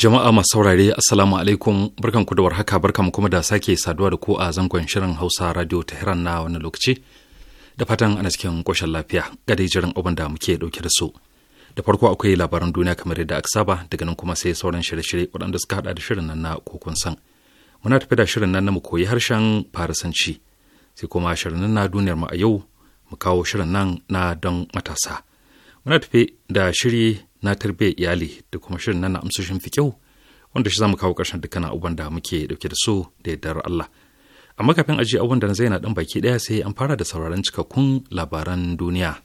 Jama'a masu saurare Assalamu alaikum ku da warhaka mu kuma da sake saduwa da ku a zangon shirin Hausa Radio Tehran na wani lokaci. Da fatan ana cikin koshin lafiya ga dai jiran abin da muke dauke da su. Da farko akwai labaran duniya kamar yadda aka saba daga nan kuma sai sauran shirye-shirye waɗanda suka hada da shirin nan na kokon san. Muna tafi da shirin nan na mu koyi harshen Farisanci. Sai kuma shirin nan na duniyar mu a yau mu kawo shirin nan na don matasa. Muna tafi da shiri na tarbiyyar iyali da kuma shirin nan na amsoshin fikihu wanda shi zamu kawo ƙarshen dukkan abubuwan da muke dauke da su da yardar Allah. Amma kafin aji abubuwan da na zaina dan baki ɗaya sai an fara da sauraron cikakkun labaran duniya.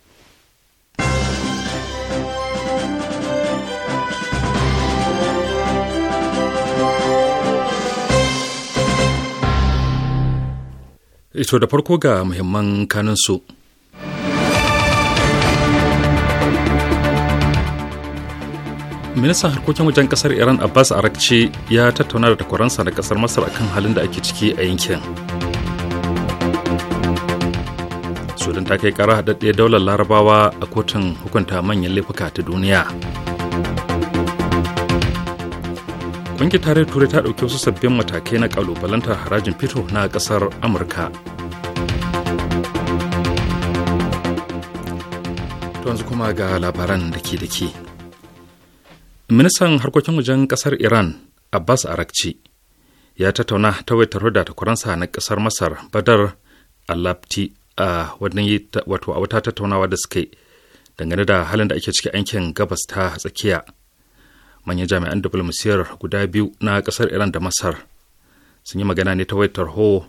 Ito da farko ga muhimman kanunsu. su. ministan harkokin wajen kasar iran abbas arakci ya tattauna da takwaransa na kasar masar akan halin da ake ciki a yankin sudan ta kai kara haɗaɗɗe daular larabawa a kotun hukunta manyan laifuka ta duniya ƙungiyar tarayyar turai ta ɗauki wasu sabbin matakai na ƙalubalantar harajin fito na ƙasar amurka to kuma ga labaran da ke da ke ministan harkokin wajen kasar iran abbas arakci ya tattauna ta waitar da takwaransa na kasar masar badar alabti a wato a wata tattaunawa da suke dangane da halin da ake ciki aikin gabas ta tsakiya manyan jami'an diplomasiyar guda biyu na kasar iran da masar sun yi magana ne ta waitar tarho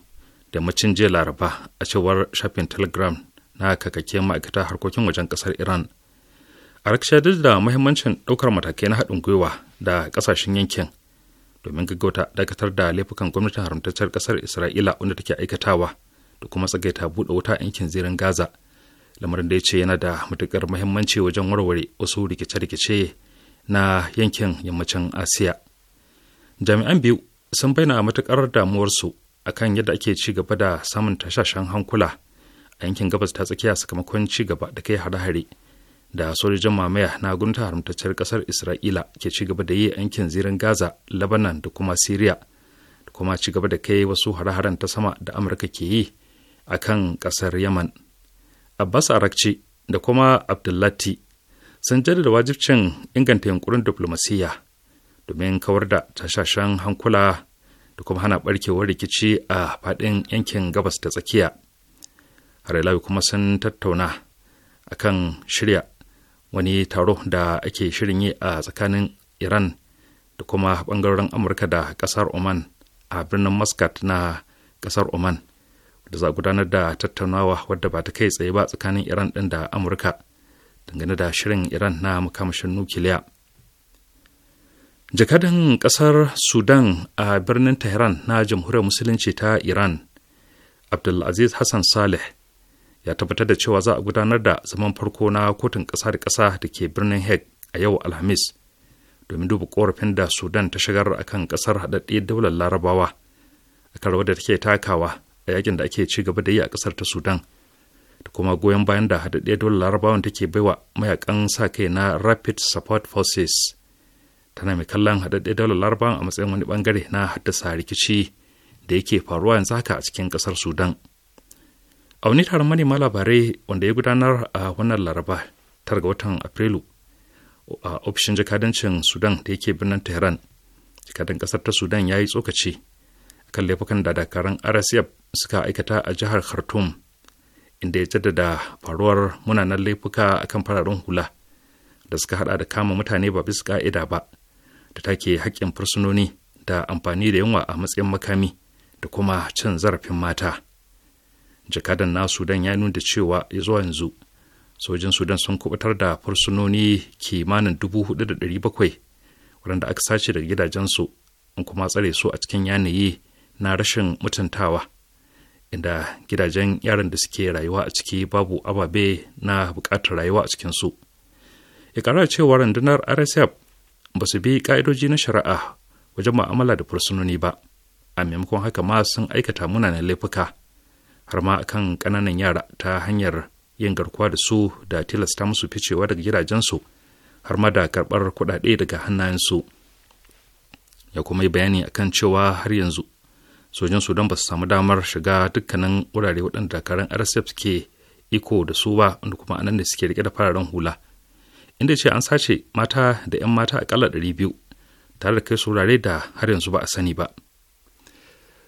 da macin jiya laraba a cewar shafin telegram na kakakken ma'aikata harkokin wajen kasar iran rikishar duk da muhimmancin ɗaukar matakai na haɗin gwiwa da ƙasashen yankin domin gaggauta dakatar da laifukan gwamnatin haramtaccen ƙasar Isra'ila wanda take aikatawa da kuma tsagaita buɗe wuta a yankin zirin Gaza. Lamarin da ya ce yana da matuƙar muhimmanci wajen warware wasu rikice-rikice na yankin yammacin Asiya. Jami'an biyu sun bayyana matuƙar damuwarsu akan yadda ake ci gaba da samun tashashen hankula a yankin gabas ta tsakiya sakamakon ci gaba da kai hare-hare da sojojin mamaya na gunta haramtacciyar kasar isra'ila ke ci gaba da yi yankin zirin gaza Lebanon da kuma syria da kuma ci gaba da kai wasu hare-haren ta sama da amurka ke yi a kan kasar yaman abbas arakci da kuma abdullati sun jaddada wajibcin inganta yunkurin diflomasiyya domin kawar da tashashen hankula da kuma hana barkewar rikici a faɗin yankin gabas da tsakiya har kuma sun tattauna akan shirya wani taro da ake shirin yi a tsakanin iran da kuma bangarorin amurka da kasar oman a birnin muscat na kasar oman da za gudanar da tattaunawa wadda ba ta kai tsaye ba tsakanin iran din da amurka dangane da shirin iran na makamashin nukiliya jakadan kasar sudan a birnin tehran na jamhuriyar musulunci ta iran abdulaziz hassan saleh ya tabbatar da cewa za a gudanar da zaman farko na kotun ƙasa da ƙasa da ke birnin heg a yau alhamis domin duba korafin da sudan ta shigar a kan kasar haɗaɗɗe daular larabawa a kan da take takawa a yakin da ake ci gaba da yi a ƙasar ta sudan da kuma goyon bayan da haɗaɗɗe daular larabawan take baiwa mayakan sa kai na rapid support forces tana mai kallon haɗaɗɗe daular larabawan a matsayin wani bangare na haddasa rikici da yake faruwa yanzu haka a cikin ƙasar sudan a wani taron manema labarai wanda ya gudanar a wannan laraba tar ga watan afrilu a ofishin jakadancin sudan da yake birnin tehran jakadan kasar ta sudan ya yi tsokaci kan laifukan da dakarun rsf suka aikata a jihar khartoum inda ya jaddada faruwar munanan laifuka akan fararen hula da suka hada da kama mutane ba bisa ka'ida ba da take haƙƙin fursunoni da amfani da yunwa a matsayin makami da kuma cin zarafin mata. jakadan na sudan ya nuna cewa ya zuwa yanzu sojin sudan sun kubutar da fursunoni kimanin bakwai waɗanda aka sace daga gidajensu an kuma tsare su a cikin yanayi na rashin mutuntawa inda gidajen yaran da suke rayuwa a ciki babu ababe na bukatar rayuwa a cikinsu kara cewa rundunar rsf ba su bi ƙa'idoji na shari'a wajen ma'amala da fursunoni ba a maimakon haka ma sun aikata munanan laifuka har ma akan ƙananan yara ta hanyar yin garkuwa da su da tilasta musu ficewa daga gidajensu har ma da karɓar kuɗaɗe daga hannayensu ya kuma yi bayani akan cewa har yanzu sojin sudan ba su samu damar shiga dukkanin wurare waɗanda dakarun rsf ke iko da su ba wanda kuma anan da suke rike da fararen hula inda ce an sace mata da 'yan mata akalla biyu tare da kai su wurare da har yanzu ba a sani ba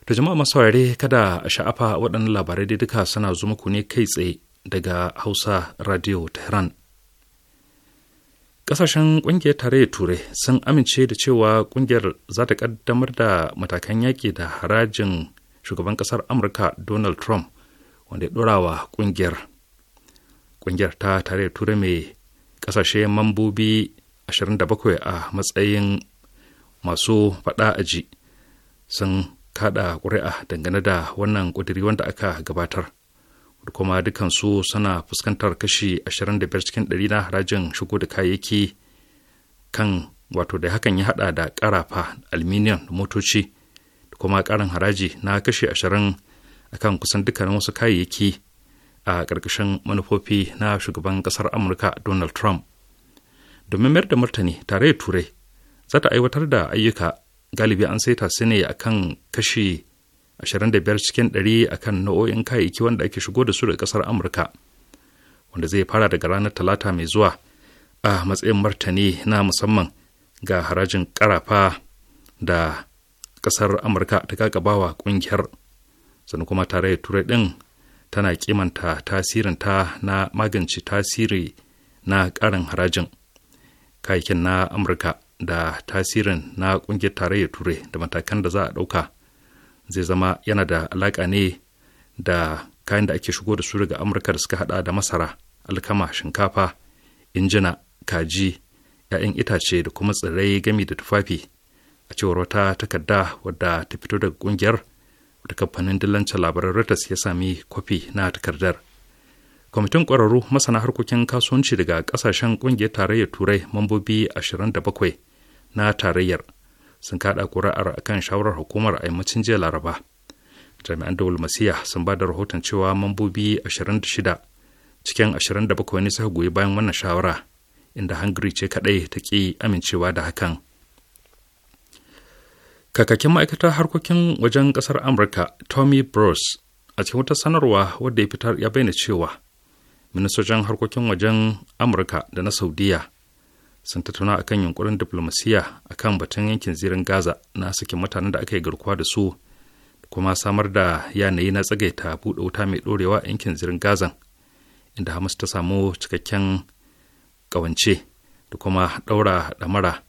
To jama'a masu saurare kada a sha'afa waɗannan labarai dai duka suna zo muku ne kai tsaye daga hausa radio tehran Ƙasashen ƙungiyar tarayyar Turai sun amince da cewa ƙungiyar za ta ƙaddamar da matakan yaƙi da harajin shugaban ƙasar Amurka Donald Trump wanda ya ɗorawa ƙungiyar. Ƙungiyar ta tarayyar Turai mai ƙasashe mambobi 27 a matsayin masu faɗa aji sun kada ƙuri'a dangane da wannan ƙudiri wanda aka gabatar kuma dukansu suna fuskantar kashi 25 cikin ɗari na harajin shigo da kayayyaki kan wato da hakan ya hada da karafa aluminium da motoci da kuma karin haraji na kashi 20 akan kusan dukkanin wasu kayayyaki a ƙarƙashin manufofi na shugaban ƙasar amurka donald trump domin mayar da martani tare da turai za ta aiwatar da ayyuka galibi an saita su ne akan kashi 25 cikin 100 akan nau'o'in kayayyaki wanda ake shigo da su daga kasar amurka wanda zai fara daga ranar talata mai zuwa a matsayin martani na musamman ga harajin karafa da kasar amurka ta kakabawa kungiyar sannu kuma tare tarayyar turai din tana kimanta tasirinta na magance tasiri na karin harajin kayakin na amurka da tasirin na ƙungiyar tarayyar turai da matakan da za a ɗauka zai zama yana da alaƙa ne da kayan da ake shigo da su daga amurka da suka hada da masara alkama shinkafa injina kaji 'ya'yan itace da kuma tsirrai gami da tufafi a cewar wata takarda wadda ta fito daga kungiyar da kamfanin dillancin labaran Reuters ya sami kwafi na takardar. Kwamitin ƙwararru masana harkokin kasuwanci daga ƙasashen ƙungiyar tarayyar Turai mambobi 27 na tarayyar sun kada kuri'ar kan shawarar hukumar a yammacin jiya laraba jami'an dawulmasiya sun ba da rahoton cewa mambobi 26 cikin 27 ne suka goyi bayan wannan shawara inda hungary ce kaɗai ta ƙi amincewa da hakan kakakin ma'aikatar harkokin wajen ƙasar amurka tommy bros a cikin wata sanarwa wadda ya fitar ya bayyana cewa ministocin harkokin wajen amurka da na saudiya sun tattauna akan yunkurin a akan batun yankin zirin gaza na sakin mutanen da aka yi garkuwa da su kuma samar da yanayi na tsagaita buɗe wuta mai ɗorewa a yankin zirin gazan inda hamas ta samu cikakken ƙawance da kuma ɗaura ɗamara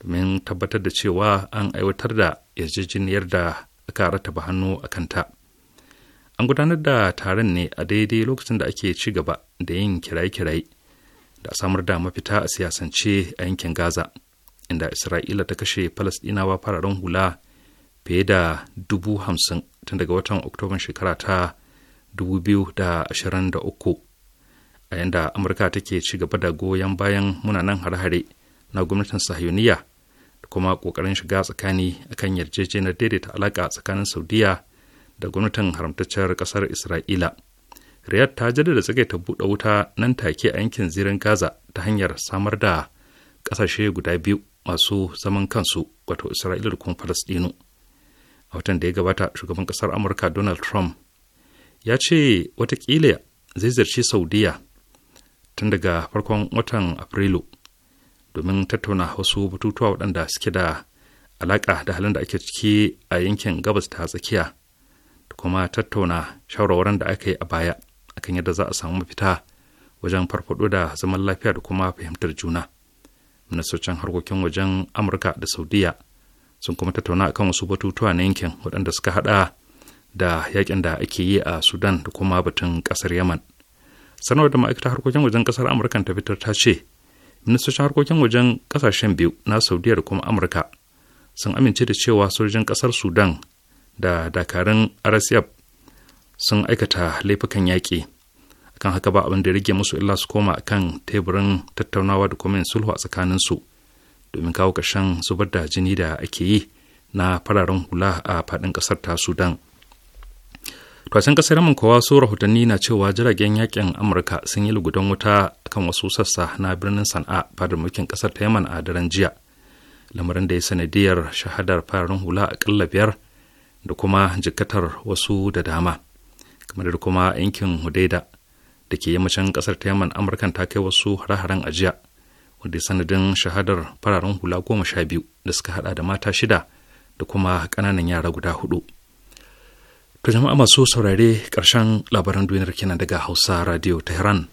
domin tabbatar da cewa an aiwatar da yarjejeniyar da aka rataba hannu a kanta an gudanar da taron ne a daidai lokacin da ake ci gaba da yin kiraye-kiraye da samar da mafita a siyasance a yankin Gaza, inda Isra'ila ta kashe Falasɗinawa fararen hula fiye da dubu hamsin tun daga watan Oktoban shekara ta da da ashirin uku a yanda Amurka take ci gaba da goyon bayan munanan hare-hare na gwamnatin Sahiyoniya da kuma ƙoƙarin shiga tsakani akan yarjejeniyar daidaita alaƙa tsakanin Saudiya da gwamnatin haramtacciyar ƙasar Isra'ila. riyadh ta jaddada ta buɗe wuta nan take a yankin zirin gaza ta hanyar samar da ƙasashe guda biyu masu zaman kansu wato isra'ila da kuma Falasɗinu. a watan da ya gabata shugaban ƙasar amurka donald trump ya ce watakila zai zarci saudiya tun daga farkon watan afrilu domin tattauna wasu batutuwa waɗanda suke da alaƙa da halin da ake ciki a yankin gabas ta tsakiya da kuma tattauna shawarwaran da aka yi a baya akan yadda za a samu mafita wajen farfaɗo da zaman lafiya da kuma fahimtar juna ministocin harkokin wajen amurka da saudiya sun kuma tattauna akan wasu batutuwa na yankin waɗanda suka haɗa da yakin da ake yi a sudan da kuma batun ƙasar yaman sanarwar da ma'aikatar harkokin wajen ƙasar amurka ta fitar ta ce ministocin harkokin wajen ƙasashen biyu na saudiya da kuma amurka sun amince da cewa sojojin ƙasar sudan da dakarun rsf sun aikata laifukan yaƙi akan haka ba abin da rage musu illa su koma kan teburin tattaunawa da kuma sulhu a tsakanin su domin kawo ƙarshen zubar da jini da ake yi na fararen hula a faɗin ƙasar ta sudan tashin ƙasar Yaman kowa su rahotanni na cewa jiragen yakin Amurka sun yi lugudan wuta kan wasu sassa na birnin Sana'a fadar ƙasar ta Yaman a daren jiya. Lamarin da ya sanadiyar shahadar fararen hula aƙalla biyar da kuma jikkatar wasu da dama. kamar da kuma yankin hudaida da ke yammacin kasar ta yamman amurka ta kai wasu hare-haren ajiya wanda sanadin shahadar fararen hula goma sha biyu da suka hada da mata shida da kuma kananan yara guda hudu to jama'a masu saurare ƙarshen labaran duniyar kenan daga hausa radio tehran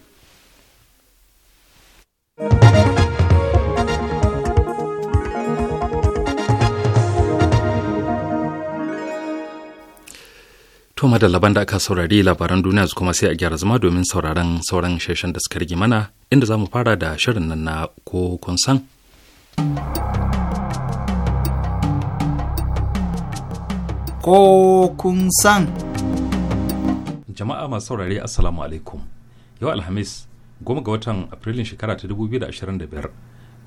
thank you To madallaban da aka saurari labaran duniya kuma sai a gyara zama domin sauraron sauran sheshen da suka rage mana inda za mu fara da shirin nan na ko kun san. Ko kun san. Jama'a masu saurare Assalamu alaikum. Yau Alhamis goma ga watan Afrilun shekara ta 2025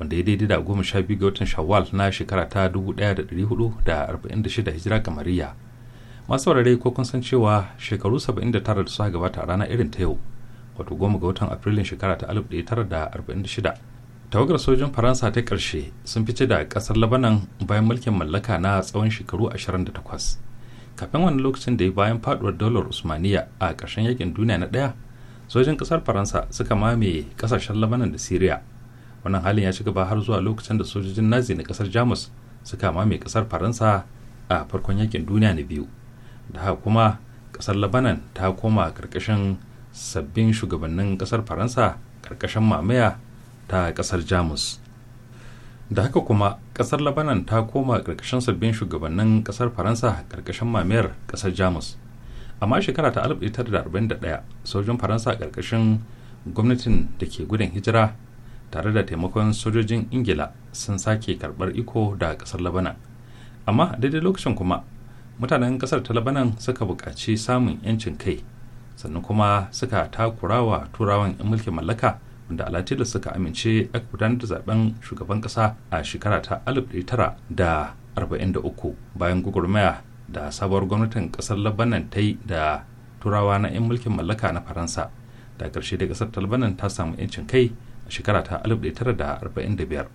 wanda ya daidai da goma sha biyu ga watan Shawwal na shekara ta 1446 Hijira Kamariya. masu ko kun san cewa shekaru 79 da suka gabata a rana irin ta yau wato goma ga watan afrilun shekara ta 1946 tawagar sojin faransa ta karshe sun fice da kasar labanan bayan mulkin mallaka na tsawon shekaru 28 kafin wani lokacin da ya bayan faduwar dolar usmaniya a karshen yakin duniya na daya sojin kasar faransa suka mamaye kasashen labanan da syria wannan halin ya ci gaba har zuwa lokacin da sojojin nazi na kasar jamus suka mamaye kasar faransa a farkon yakin duniya na biyu da kuma kasar labanan ta koma karkashin sabbin shugabannin kasar faransa karkashin mamaya ta kasar jamus da haka kuma kasar labanan ta koma karkashin sabbin shugabannin kasar faransa karkashin mamayar kasar jamus amma shekara ta 1941 sojin faransa karkashin gwamnatin da ke gudun hijira tare da taimakon sojojin ingila sun sake karbar iko da kasar labanan amma daidai lokacin kuma mutanen kasar ta labanan suka buƙaci samun 'yancin kai sannan kuma suka takurawa turawan 'yan mulkin mallaka wanda alatila suka amince aka gudanar da zaben shugaban kasa a shekara ta 1943 bayan gugurmaya da sabuwar gwamnatin kasar labanan ta yi da turawa na 'yan mulkin mallaka na faransa da ƙarshe da kasar ta labanan ta samu 'yancin kai a shekara ta 1945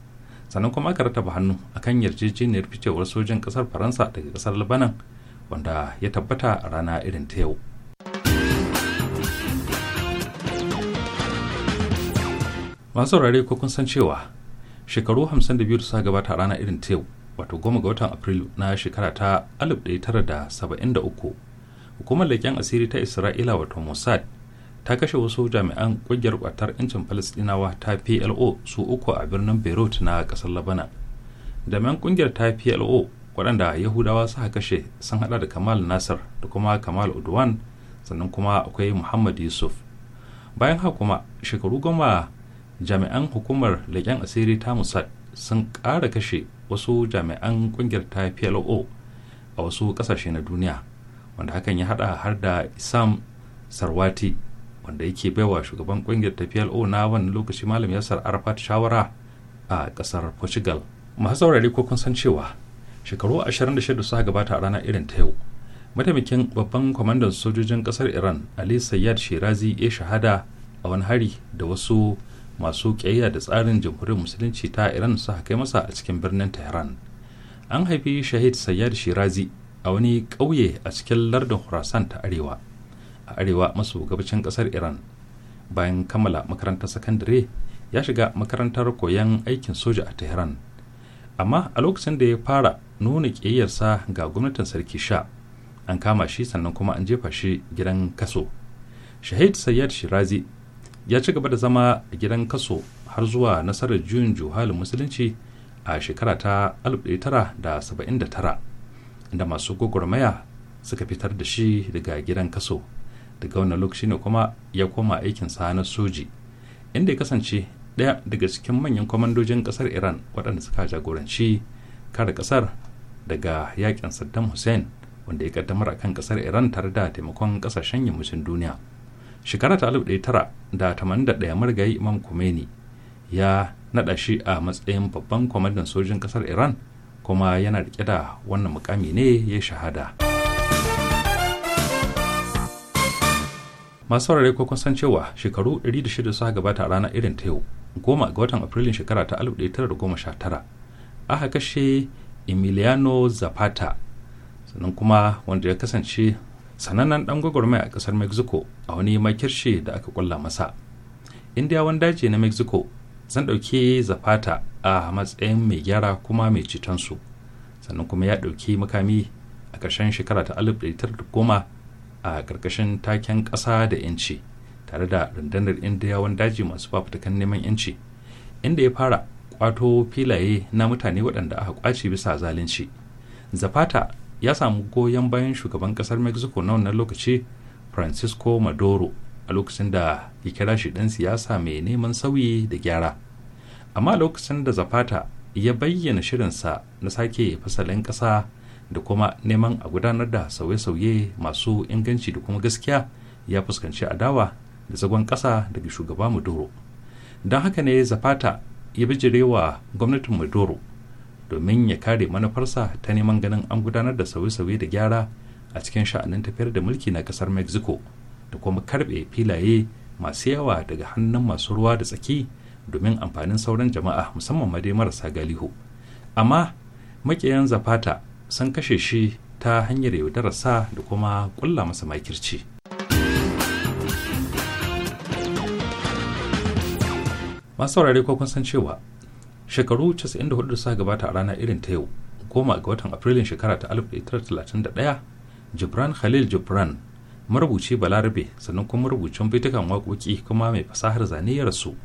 sannan kuma aka rataba hannu akan yarjejeniyar ficewar sojin ƙasar faransa daga ƙasar labanan wanda ya tabbata a rana irin ta yau masu saurare ko kun san cewa shekaru 52 da gabata a rana irin ta yau wato goma ga watan afrilu na shekara ta 1973 hukumar leƙen asiri ta isra'ila wato mossad ta kashe wasu jami'an ƙungiyar kwatar 'yancin falastinawa ta plo su uku a birnin beirut na ƙasar labana jami'an ƙungiyar ta plo waɗanda yahudawa suka kashe sun hada da kamal nasir da kuma kamal udwan sannan kuma akwai muhammad yusuf bayan haka kuma shekaru goma jami'an hukumar leƙen asiri ta musad sun ƙara kashe wasu jami'an ƙungiyar ta plo a wasu ƙasashe na duniya wanda hakan ya hada har da isam sarwati wanda yake baiwa shugaban ƙungiyar ta plo na wani lokaci malam yasar arafat shawara a ƙasar portugal masu saurari ko kun san cewa shekaru 26 da suka gabata a rana irin ta yau mataimakin babban kwamandan sojojin kasar iran ali sayyad shirazi ya shahada a wani hari da wasu masu kiyayya da tsarin jamhuriyar musulunci ta iran suka kai masa a cikin birnin tehran an haifi shahid sayyad shirazi a wani ƙauye a cikin lardin khurasan ta arewa a arewa maso gabacin kasar iran bayan kammala makarantar sakandare ya shiga makarantar koyon aikin soja a tehran amma a lokacin da ya fara nuna ƙiyayyarsa ga gwamnatin sarki sha an kama shi sannan kuma an jefa shi gidan kaso shahid sayyad shirazi ya ci gaba da zama a gidan kaso har zuwa nasarar juyin juhalin musulunci a shekara ta 1979 inda masu gwagwarmaya suka fitar da shi daga gidan kaso daga wannan lokaci ne kuma ya koma aikinsa na soji inda ya kasance ɗaya daga cikin manyan kwamandojin ƙasar iran waɗanda suka jagoranci kare ƙasar daga yakin saddam hussein wanda ya ƙaddamar a kan ƙasar iran tare da taimakon ƙasashen yammacin duniya shekara ta 1981 marigayi imam khomeini ya naɗa shi a matsayin babban kwamandan sojin ƙasar iran kuma yana rike da wannan mukami ne ya shahada. masu saurare ko kun san cewa shekaru 106 suka gabata a ranar irin ta yau goma ga watan afrilun shekara ta 1919 aka kashe emiliano zapata sannan kuma wanda ya kasance sanannen dan gwagwarmaya a kasar mexico a wani makirshe da aka kulla masa indiyawan daji na mexico zan ɗauki zapata a matsayin mai gyara kuma mai cetonsu sannan kuma ya ɗauki makami a ƙarshen shekara ta 1910 a ƙarƙashin taken ƙasa da 'yanci tare da rundunar indiyawan daji masu fafutukan neman 'yanci inda ya fara kwato filaye na mutane waɗanda aka kwace bisa zalunci zapata ya samu goyon bayan shugaban ƙasar mexico na wannan lokaci francisco maduro a lokacin da ya kira shi ɗan siyasa mai neman sauyi da gyara amma lokacin da zapata ya bayyana shirinsa na sake fasalin ƙasa da kuma neman a gudanar da sauye-sauye masu inganci da kuma gaskiya ya fuskanci adawa da zagon ƙasa daga shugaba maduro don haka ne zafata ya bijirewa gwamnatin maduro domin ya kare manufarsa ta neman ganin an gudanar da sauye-sauye da gyara a cikin sha'anin tafiyar da mulki na kasar mexico da kuma karbe filaye masu yawa daga hannun masu ruwa da tsaki domin amfanin sauran jama'a musamman ma dai marasa galihu amma makiyan zafata. sun kashe shi ta hanyar yaudararsa da kuma ƙulla masa makirci masu saurare ko kun san cewa shekaru 94 suka gabata a rana irin ta yau goma ga watan afrilun shekara ta 1931 jibran khalil jibran marubuci balarabe sannan kuma marubucin baitukan waƙoƙi kuma mai fasahar zane ya rasu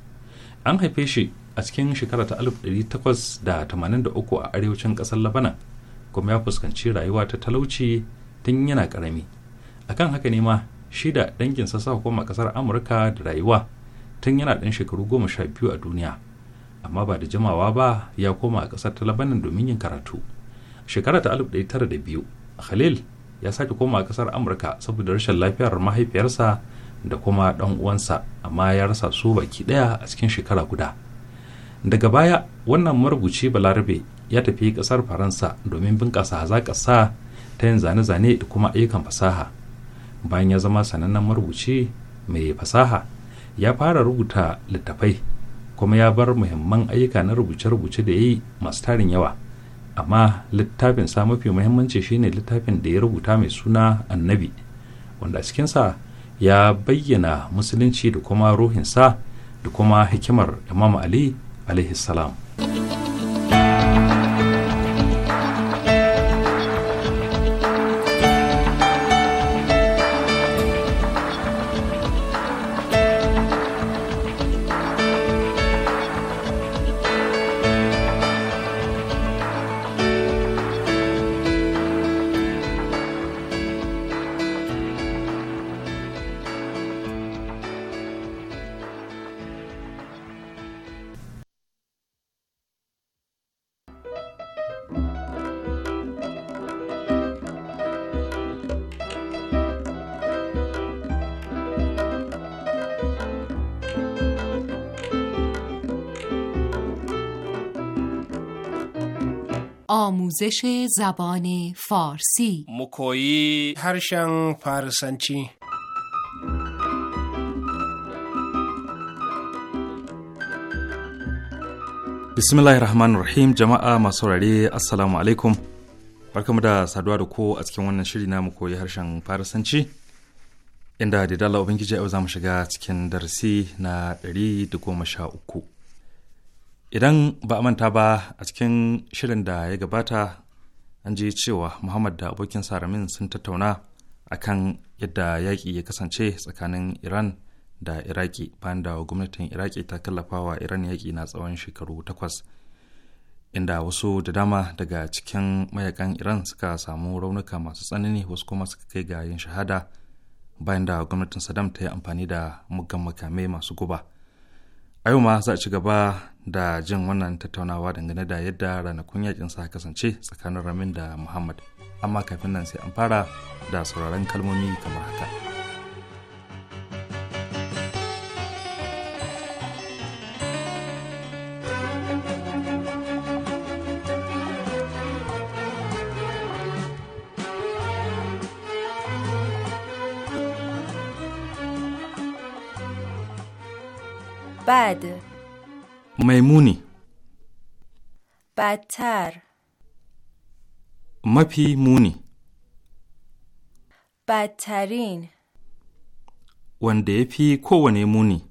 an haife shi a cikin shekara ta 1883 a arewacin ƙasar labanan kuma ya fuskanci rayuwa ta talauci tun yana karami akan haka ne ma shi da danginsa sa koma kasar amurka da rayuwa tun yana dan shekaru goma sha biyu a duniya amma ba da jimawa ba ya koma a kasar ta labanin domin yin karatu shekara ta alif tara da biyu khalil ya sake koma a kasar amurka saboda rashin lafiyar mahaifiyarsa da kuma dan uwansa amma ya rasa su baki ɗaya a cikin shekara guda daga baya wannan marubuci balarabe ya tafi kasar faransa domin bunƙasa ƙasa ta yin zane-zane da kuma ayyukan fasaha bayan ya zama sanannen marubuci mai fasaha ya fara rubuta littafai kuma ya bar muhimman ayyuka na rubuce-rubuce da ya yi masu tarin yawa amma littafin sa mafi muhimmanci shine littafin da ya rubuta mai suna annabi wanda a cikinsa ya bayyana musulunci da kuma ruhinsa da kuma hikimar imam ali عليه السلام آموزش زبان فارسی مکویی هرشن فارسنچی rahim jama'a masu saurare assalamu alaikum barkamu da saduwa da ko a cikin wannan shiri mu koyi harshen farisanci inda da dala ubangiji yau za mu shiga cikin darasi na ɗari da goma sha uku. idan ba a manta ba a cikin shirin da ya gabata an ji cewa muhammad da abokin saramin sun tattauna a kan yadda yaƙi ya kasance tsakanin iran da iraki bayan da gwamnatin iraki ta kallafa wa iran yaƙi na tsawon shekaru takwas inda wasu da dama daga cikin mayakan iran suka samu raunuka masu tsanani wasu kuma suka kai ga yin shahada bayan da gwamnatin saddam ta yi amfani da muggan makamai masu guba. a yau ma za a ci gaba da jin wannan tattaunawa dangane da yadda ranakun yakin sa kasance tsakanin ramin da muhammad amma kafin nan sai an fara da sauraron kalmomi kamar haka. Bad. Mai muni. Batar. Mafi muni. Batarin. wanda ya fi kowane muni.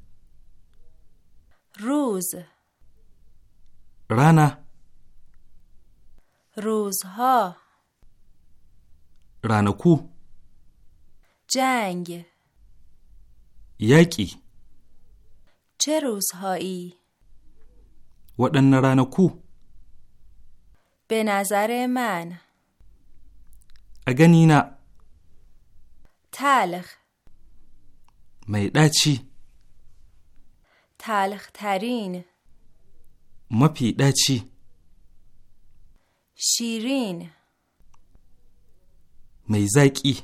Ruz Rana Ruzha Ranaku Jang Yaƙi چه روزهایی؟ ودن کو؟ به نظر من اگنینا تلخ میداچی تلخ ترین مپیداچی شیرین میزکی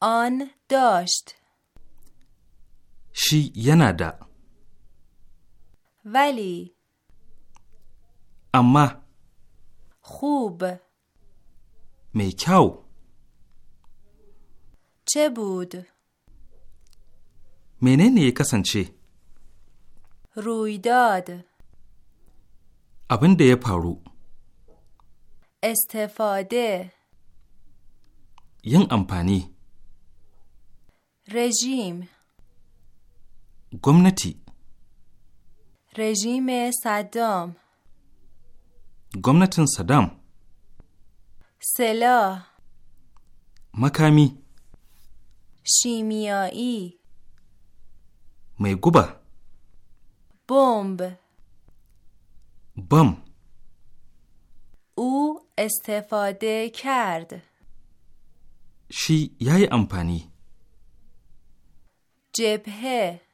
آن داشت shi yana da. Vale. Amma. Khub. Mai kyau. Chebud. Menene ya kasance? Ruidad. Abin da ya faru. Estefade. Yin amfani. Regime. گمنتی رژیم صدام گمنتن صدام سلا مکامی شیمیایی میگوبا بمب بم او استفاده کرد شی یای امپانی جبهه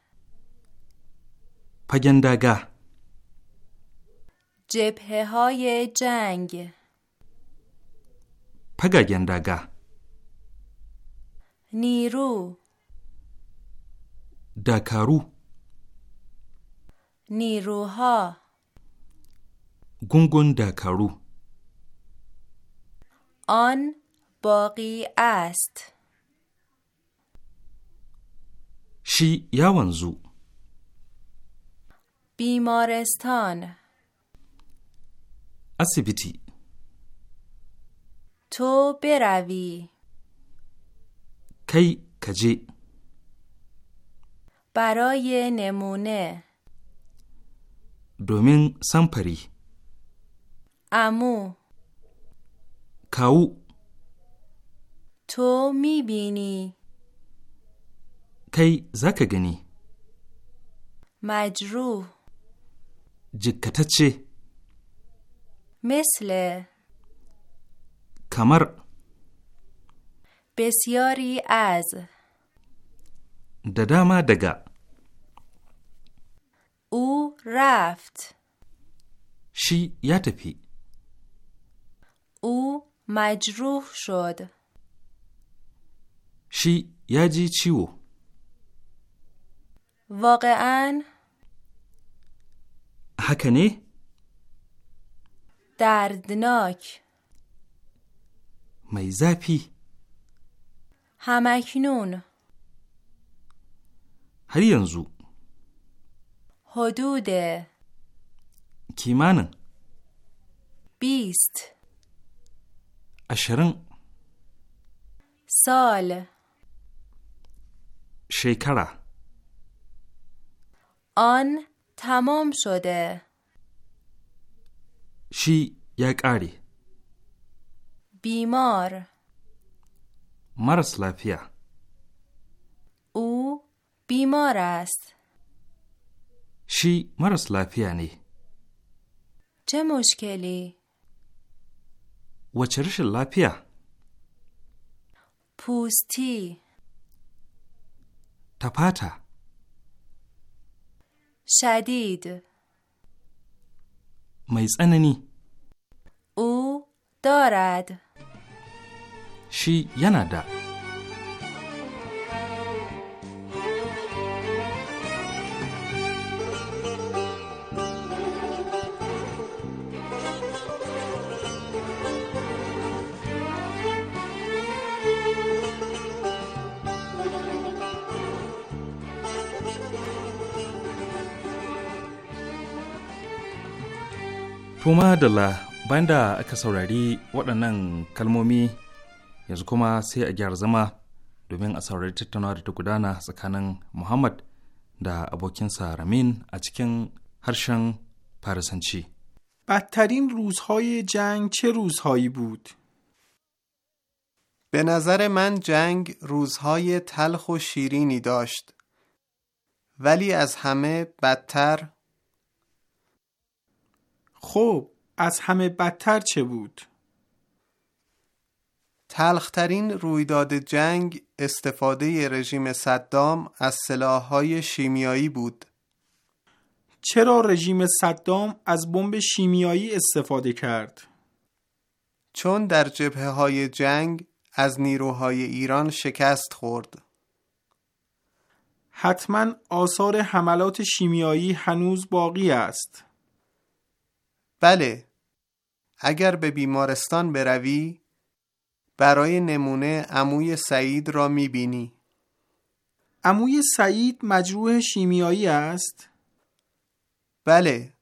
پگندگا جبه های جنگ پگندگا نیرو داکارو نیروها گونگون داکارو آن باقی است شی یاونزو بیمارستان اسیبیتی تو بروی کی کجی برای نمونه دومین سمپری امو کاو تو میبینی کی زکگنی مجروح جکتچه مثل کمر بسیاری از دداما دگا او رفت شی یا تفی او مجروح شد شی یا جی چیو واقعا حکه نه؟ دردناک میزپی همکنون هریانزو حدود کیمان بیست اشرن سال شیکره آن تمام شده شی یک عری بیمار مرس لافیا او بیمار است شی مرس نی چه مشکلی؟ و چرش لافیا پوستی تپاتا شدید mai tsanani او دارد شی yana da Tuma Dalla bayan da aka saurari waɗannan kalmomi yanzu kuma sai a gyara zama domin a saurari tattaunawa da ta gudana tsakanin Muhammad da abokinsa Ramin a cikin harshen Farisanci. بدترین روزهای jang ce روزهایی بود؟ به نظر من جنگ روزهای تلخ و شیرینی داشت ولی از همه بدتر خب از همه بدتر چه بود؟ تلخترین رویداد جنگ استفاده رژیم صدام از های شیمیایی بود. چرا رژیم صدام از بمب شیمیایی استفاده کرد؟ چون در جبه های جنگ از نیروهای ایران شکست خورد. حتما آثار حملات شیمیایی هنوز باقی است. بله اگر به بیمارستان بروی برای نمونه عموی سعید را میبینی عموی سعید مجروح شیمیایی است؟ بله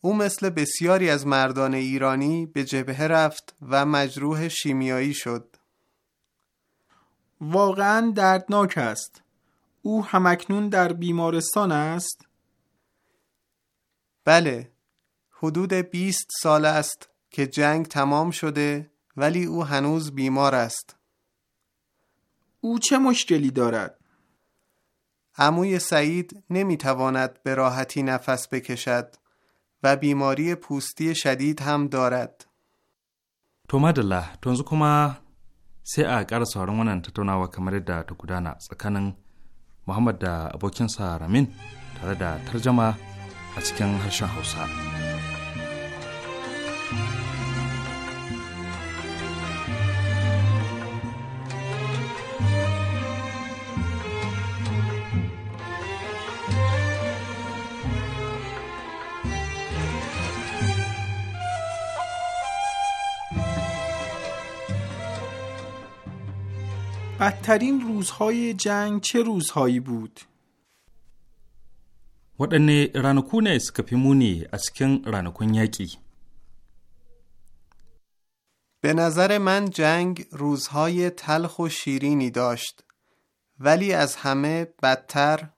او مثل بسیاری از مردان ایرانی به جبهه رفت و مجروح شیمیایی شد واقعا دردناک است او همکنون در بیمارستان است؟ بله حدود 20 سال است که جنگ تمام شده ولی او هنوز بیمار است. او چه مشکلی دارد؟ عموی سعید نمیتواند به راحتی نفس بکشد و بیماری پوستی شدید هم دارد. تو مدله تونزو کما سی اگر سارمان انتتو نوا کمری دا تو سکنن محمد دا سارمین تر دا ترجمه از کن هرشان بدترین روزهای جنگ چه روزهایی بود؟ وقتی رانوکونه اسکپیمونی از کن به نظر من جنگ روزهای تلخ و شیرینی داشت ولی از همه بدتر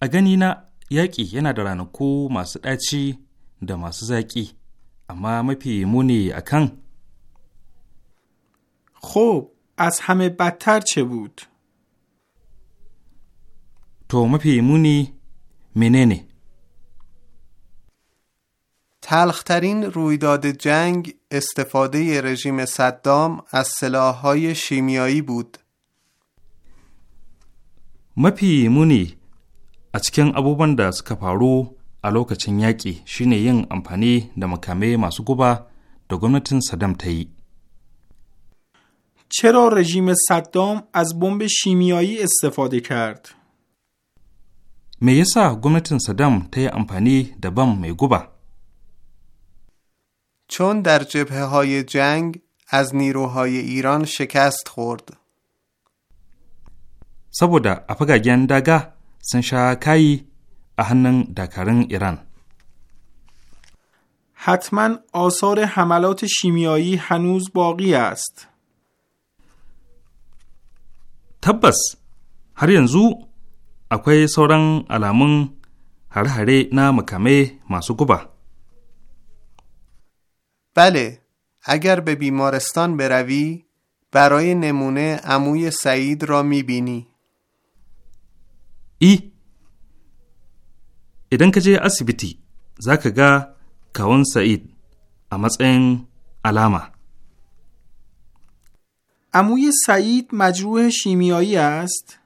اگر نینا یکی یه ندارن کو، ranaku masu ده da masu اما amma خب، از همه بدتر چه بود؟ تو مفی مونی مننه تلخترین رویداد جنگ استفاده رژیم صدام از سلاح‌های شیمیایی بود. مپی مونی اچکن ابو بندا سکفارو الوکچن یاکی شینه یین امپانی د مکامه ماسو گوبا د گومنتن صدام چرا رژیم صدام از بمب شیمیایی استفاده کرد؟ میسا گومنتن صدام تای امپانی د بم می گوبا چون در جبهه های جنگ از نیروهای ایران شکست خورد. سبودا افگا جنداغا سنشاکایی اهنن دکارن ایران. حتما آثار حملات شیمیایی هنوز باقی است. تبس هر ینزو اکوی سورن علامن هر هره نا مکمه ماسو بله اگر به بیمارستان بروی برای نمونه عموی سعید را میبینی ای ایدن کجه اسیبیتی، بیتی گا سعید اما از این علامه اموی سعید مجروح شیمیایی است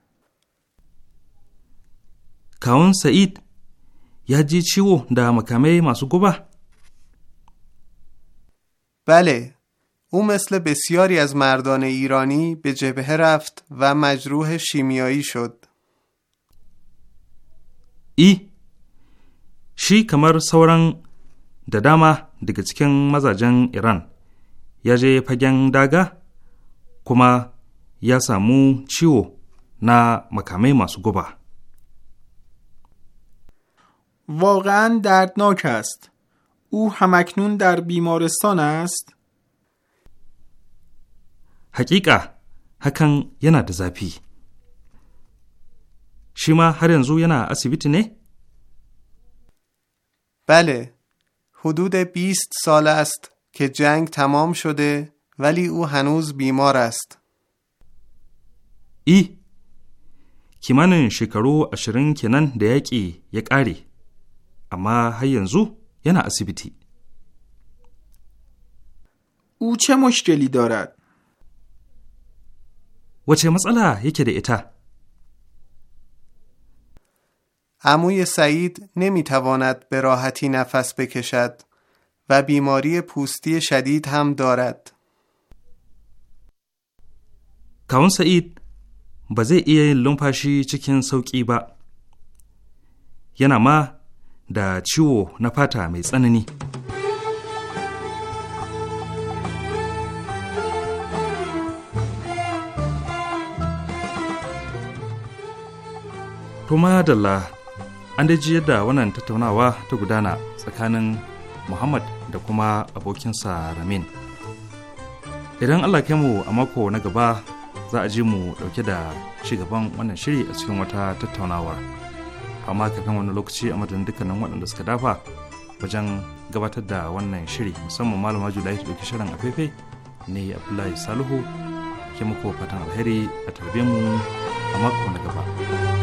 کاون سعید یا جی چیو دا مکمه ماسو بله او مثل بسیاری از مردان ایرانی به جبهه رفت و مجروح شیمیایی شد ای شی کمر سوران دداما دیگه چکن مزاجن ایران یا جه پگن کوما کما یا سامو چیو نا مکامی ما masu واقعا دردناک است. او همکنون در بیمارستان است؟ حقیقا هکن یه نا دزاپی شیما هرین زو یه نا اسیبیتی نه؟ بله حدود 20 سال است که جنگ تمام شده ولی او هنوز بیمار است ای کمان شکرو اشرین کنن دیکی یک آری اما هی انزو یعنی اسیبیتی او چه مشکلی دارد؟ و چه مسئله یکی ده عموی سعید نمیتواند به راحتی نفس بکشد و بیماری پوستی شدید هم دارد. کون سعید بزه ایه لومپاشی چکن سوکی با یعنی ما da ciwo na fata mai tsanani. Tuma Dalla an jiyar yadda wannan tattaunawa ta gudana tsakanin Muhammad da kuma abokinsa Ramin. Idan Allah mu a mako na gaba za a ji mu dauke da shigaban wannan shiri a cikin wata tattaunawar. amma kafin wani lokaci a madadin dukkanin waɗanda suka dafa wajen gabatar da wannan shiri musamman malama julai ta ɗauki shirin a faifai ne abdullahi salihu ke muku fatan alheri a tarbe mu a mako na gaba.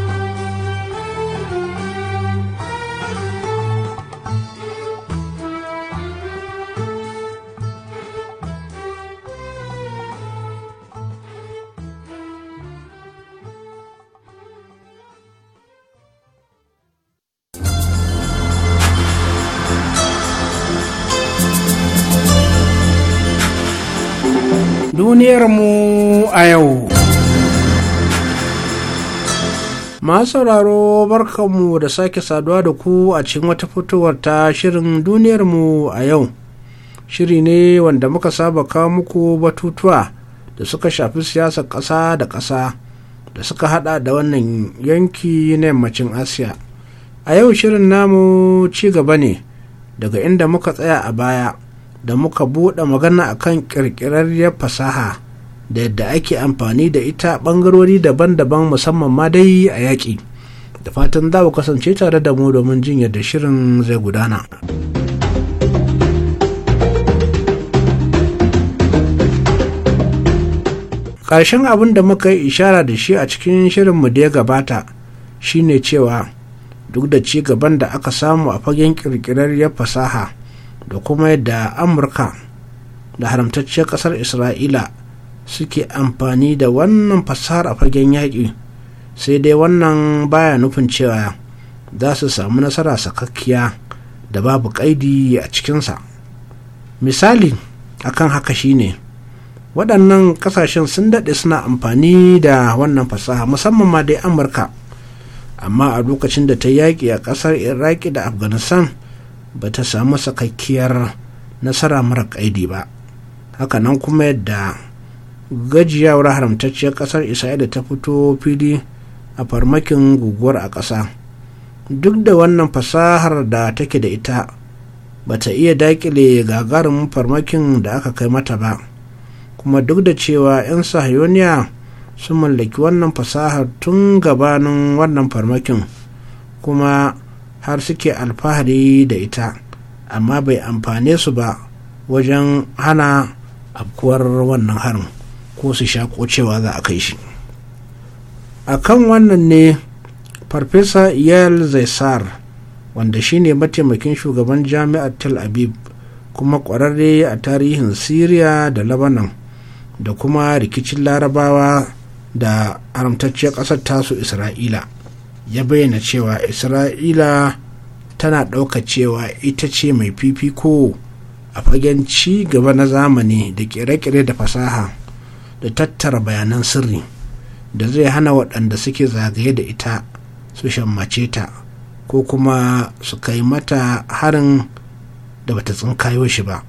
duniyar mu a yau. Masu sauraro barkanmu da sake saduwa da ku a cikin wata fitowar ta shirin duniyar mu a yau. Shiri ne wanda muka saba kawo muku batutuwa da suka shafi siyasar ƙasa da ƙasa da suka hada da wannan yanki na yammacin Asiya. A yau shirin namu ci gaba ne daga inda muka tsaya a baya. da muka buɗe magana a akan ƙirƙirarriyar fasaha da yadda ake amfani da ita ɓangarori daban-daban musamman ma dai a yaƙi da fatan za ku kasance tare da mu domin jin yadda shirin zai gudana. ƙarshen abin da muka yi ishara da shi a cikin shirin mu da ya gabata shine cewa duk da ci gaban da aka samu a fagen ƙirƙirarriyar fasaha da kuma yadda amurka da haramtacciyar ƙasar isra'ila suke amfani da wannan fasahar a fagen yaƙi sai dai wannan baya nufin cewa za su samu nasara sakakkiya da babu ƙaidi a cikinsa misali akan haka shine waɗannan ƙasashen sun daɗe suna amfani da wannan fasaha musamman ma dai amurka amma a lokacin da ta yaƙi a ƙasar iraki da afghanistan ba ta samu sakakkiyar nasara mara kaidi ba hakanan kuma yadda gajiyawar haramtacciyar kasar isra'ila ta fito fili a farmakin guguwar a ƙasa duk da wannan fasahar da take da ita ba ta iya daƙile gagarin farmakin da aka kai mata ba kuma duk da cewa 'yan sahayoniya sun mallaki wannan fasahar tun gabanin wannan farmakin kuma har suke alfahari da ita amma bai amfane su ba wajen hana abkuwar wannan harin ko su sha cewa za a kai shi a kan wannan ne farfesa yael zaisar wanda shine mataimakin shugaban jami'ar tel aviv kuma kwararre a tarihin Siriya da lebanon da kuma rikicin larabawa da haramtacciyar ƙasar tasu isra'ila ya bayyana cewa isra'ila tana ɗauka cewa ita ce mai fifiko a fagen ci gaba na zamani da kere-kere da fasaha da tattara bayanan sirri da zai hana waɗanda suke zagaye da ita su shammace ta ko kuma su kai mata harin da bata kayo shi ba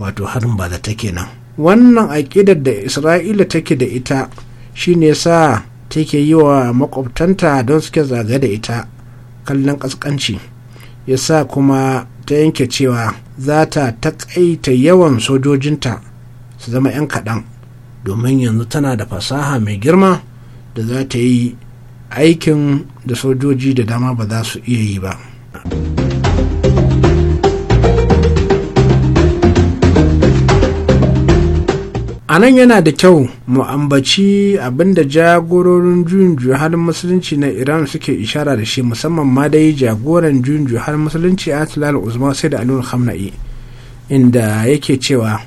wato harin ba da take nan wannan aƙidar da isra'ila take da ita shine sa take yi wa makwabtanta don suke zaga da ita kallon ƙasƙanci ya sa kuma ta yanke cewa za ta taƙaita yawan sojojinta su zama 'yan kaɗan domin yanzu tana da fasaha mai girma da za ta yi aikin da sojoji da dama ba za su iya yi ba. a nan yana da kyau mu ambaci abin da jagororin juyin halin musulunci na iran suke ishara da shi musamman ma dai jagoran juyin halin musulunci atlal uzma sai da alun hamna'i inda yake cewa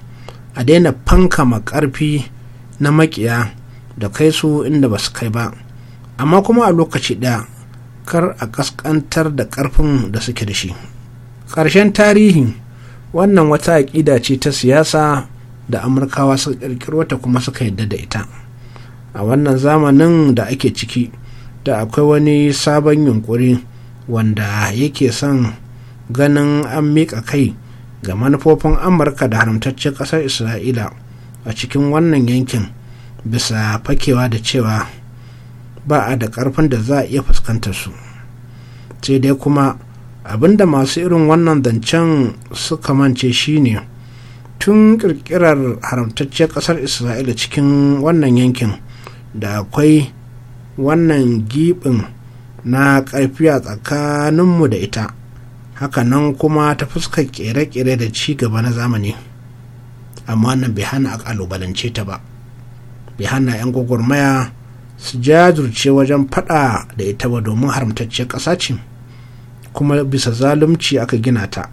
a daina fanka makarfi na makiya da kai su inda ba su kai ba amma kuma a lokaci ɗaya kar a kaskantar da karfin da suke da shi ƙarshen tarihi wannan wata aƙida ce ta siyasa da amurkawa suka kirkiro ta kuma suka yadda da ita a wannan zamanin da ake ciki da akwai wani sabon yunkuri wanda yake son ganin an miƙa kai ga manufofin amurka da haramtaccen ƙasar isra'ila a cikin wannan yankin bisa fakewa da cewa ba a da ƙarfin da za a iya fuskantar su sai dai kuma abinda masu irin wannan zancen suka mance shine ne tun kirkirar haramtacciyar kasar isra'ila cikin wannan yankin da akwai wannan gibin na ƙarfi a tsakaninmu da ita haka nan kuma ta fuskar kere-kere da ci gaba na zamani amma na bai hana a ƙalubalance ta ba bai hana 'yan gwagwarmaya su jajirce wajen faɗa da ita ba domin haramtacciyar ƙasa ce kuma bisa zalunci aka gina ta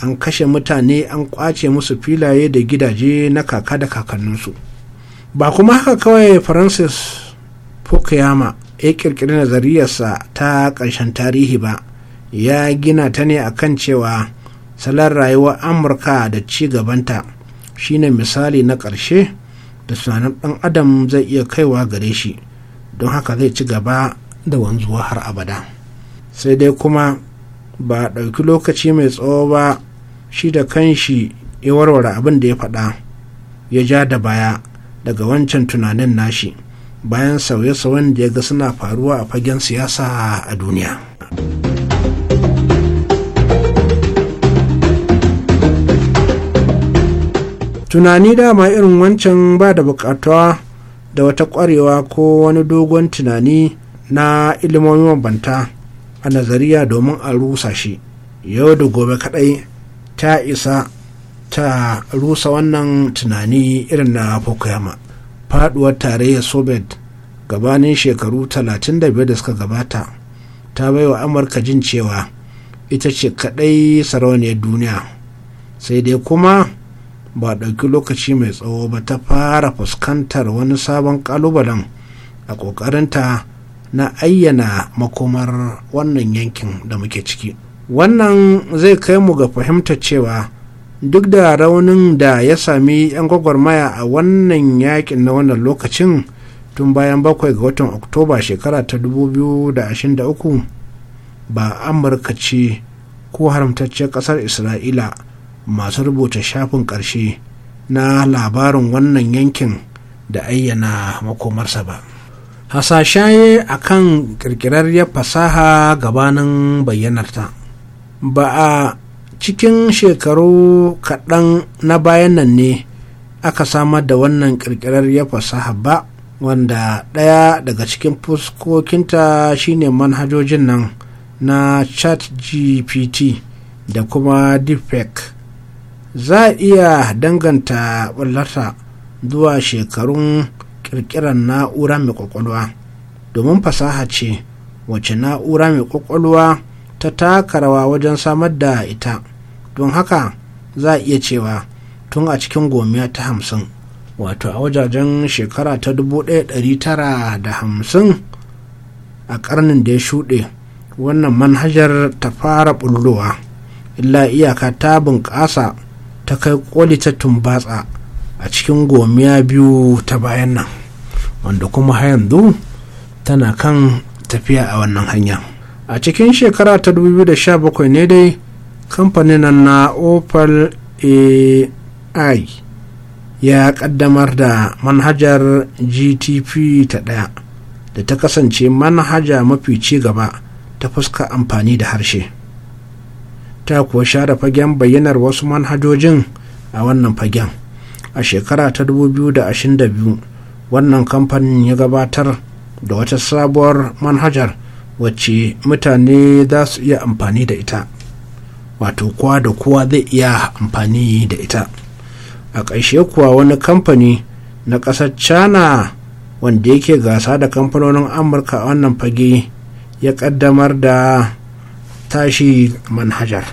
an kashe mutane an kwace musu filaye da gidaje na kaka da kakanninsu ba kuma haka kawai francis fukuyama ya kirkiri nazariyarsa ta ƙarshen tarihi ba ya gina ta ne akan cewa salon rayuwar amurka da ci gabanta shine misali na ƙarshe da tunanin ɗan adam zai iya kaiwa gare shi don haka zai ci gaba da wanzuwa har abada sai dai kuma ba a ɗauki lokaci mai tsawo ba shi da kanshi ya warware abin da ya faɗa ya ja da baya daga wancan tunanin nashi bayan sauye-sauyen da ya ga suna faruwa a fagen siyasa a duniya. tunani dama irin wancan ba da bukatuwa da wata kwarewa ko wani dogon tunani na ilimomi mabanta a nazariya domin a rusa shi yau da gobe kaɗai ta isa ta rusa wannan tunani irin na fukuyama faduwar tarayyar soviet gabanin shekaru 35 da suka gabata ta bai wa amurka jin cewa ita ce kadai sarauniyar duniya sai dai kuma ba ɗauki lokaci mai tsawo ba ta fara fuskantar wani sabon ƙalubalen a ƙoƙarinta na ayyana makomar wannan yankin da muke ciki wannan zai kai mu ga fahimtar cewa duk da raunin da ya sami 'yan gwagwarmaya a wannan yakin na wannan lokacin tun bayan bakwai ga watan oktoba shekara ta 2023 ba amurka ce ko haramtacce kasar isra'ila masu rubuta shafin ƙarshe na labarin wannan yankin da ayyana makomarsa ba hasashaye a kan ƙirƙirarriyar fasaha gabanin bayyanarta ba a cikin shekaru kaɗan na bayan nan ne aka samar da wannan ƙirƙirarriyar fasaha ba wanda ɗaya daga cikin fuskokinta shine manhajojin nan na chat gpt da kuma deepfake za a iya danganta ɓullarta zuwa shekarun ƙirƙirar na'ura mai ƙwaƙwalwa domin fasaha ce wacce na'ura mai ƙwaƙwalwa ta taka rawa wajen samar da ita don haka za a iya cewa tun a cikin gomiya ta hamsin wato a wajajen shekara ta da hamsin a ƙarnin da ya shuɗe wannan manhajar ta fara bullowa illa iyaka ta bunƙasa ta kai ƙoli ta tumbatsa a cikin gomiya biyu ta bayan nan wanda kuma hayan yanzu tana kan tafiya a wannan hanya a cikin shekara ta 2017 ne dai kamfanin na opel ai ya kaddamar da manhajar gtp ta daya da ta kasance manhaja mafi ci gaba ta fuska amfani da harshe ta kuwa share fagen bayyanar wasu manhajojin a wannan fagen a shekara ta 2022 wannan kamfanin ya gabatar da wata sabuwar manhajar wacce mutane za su iya amfani da ita wato kowa da kowa zai iya amfani da ita a ƙarshe kuwa wani kamfani na ƙasar china wanda yake gasa da kamfanonin amurka a wannan fage ya ƙaddamar da tashi manhajar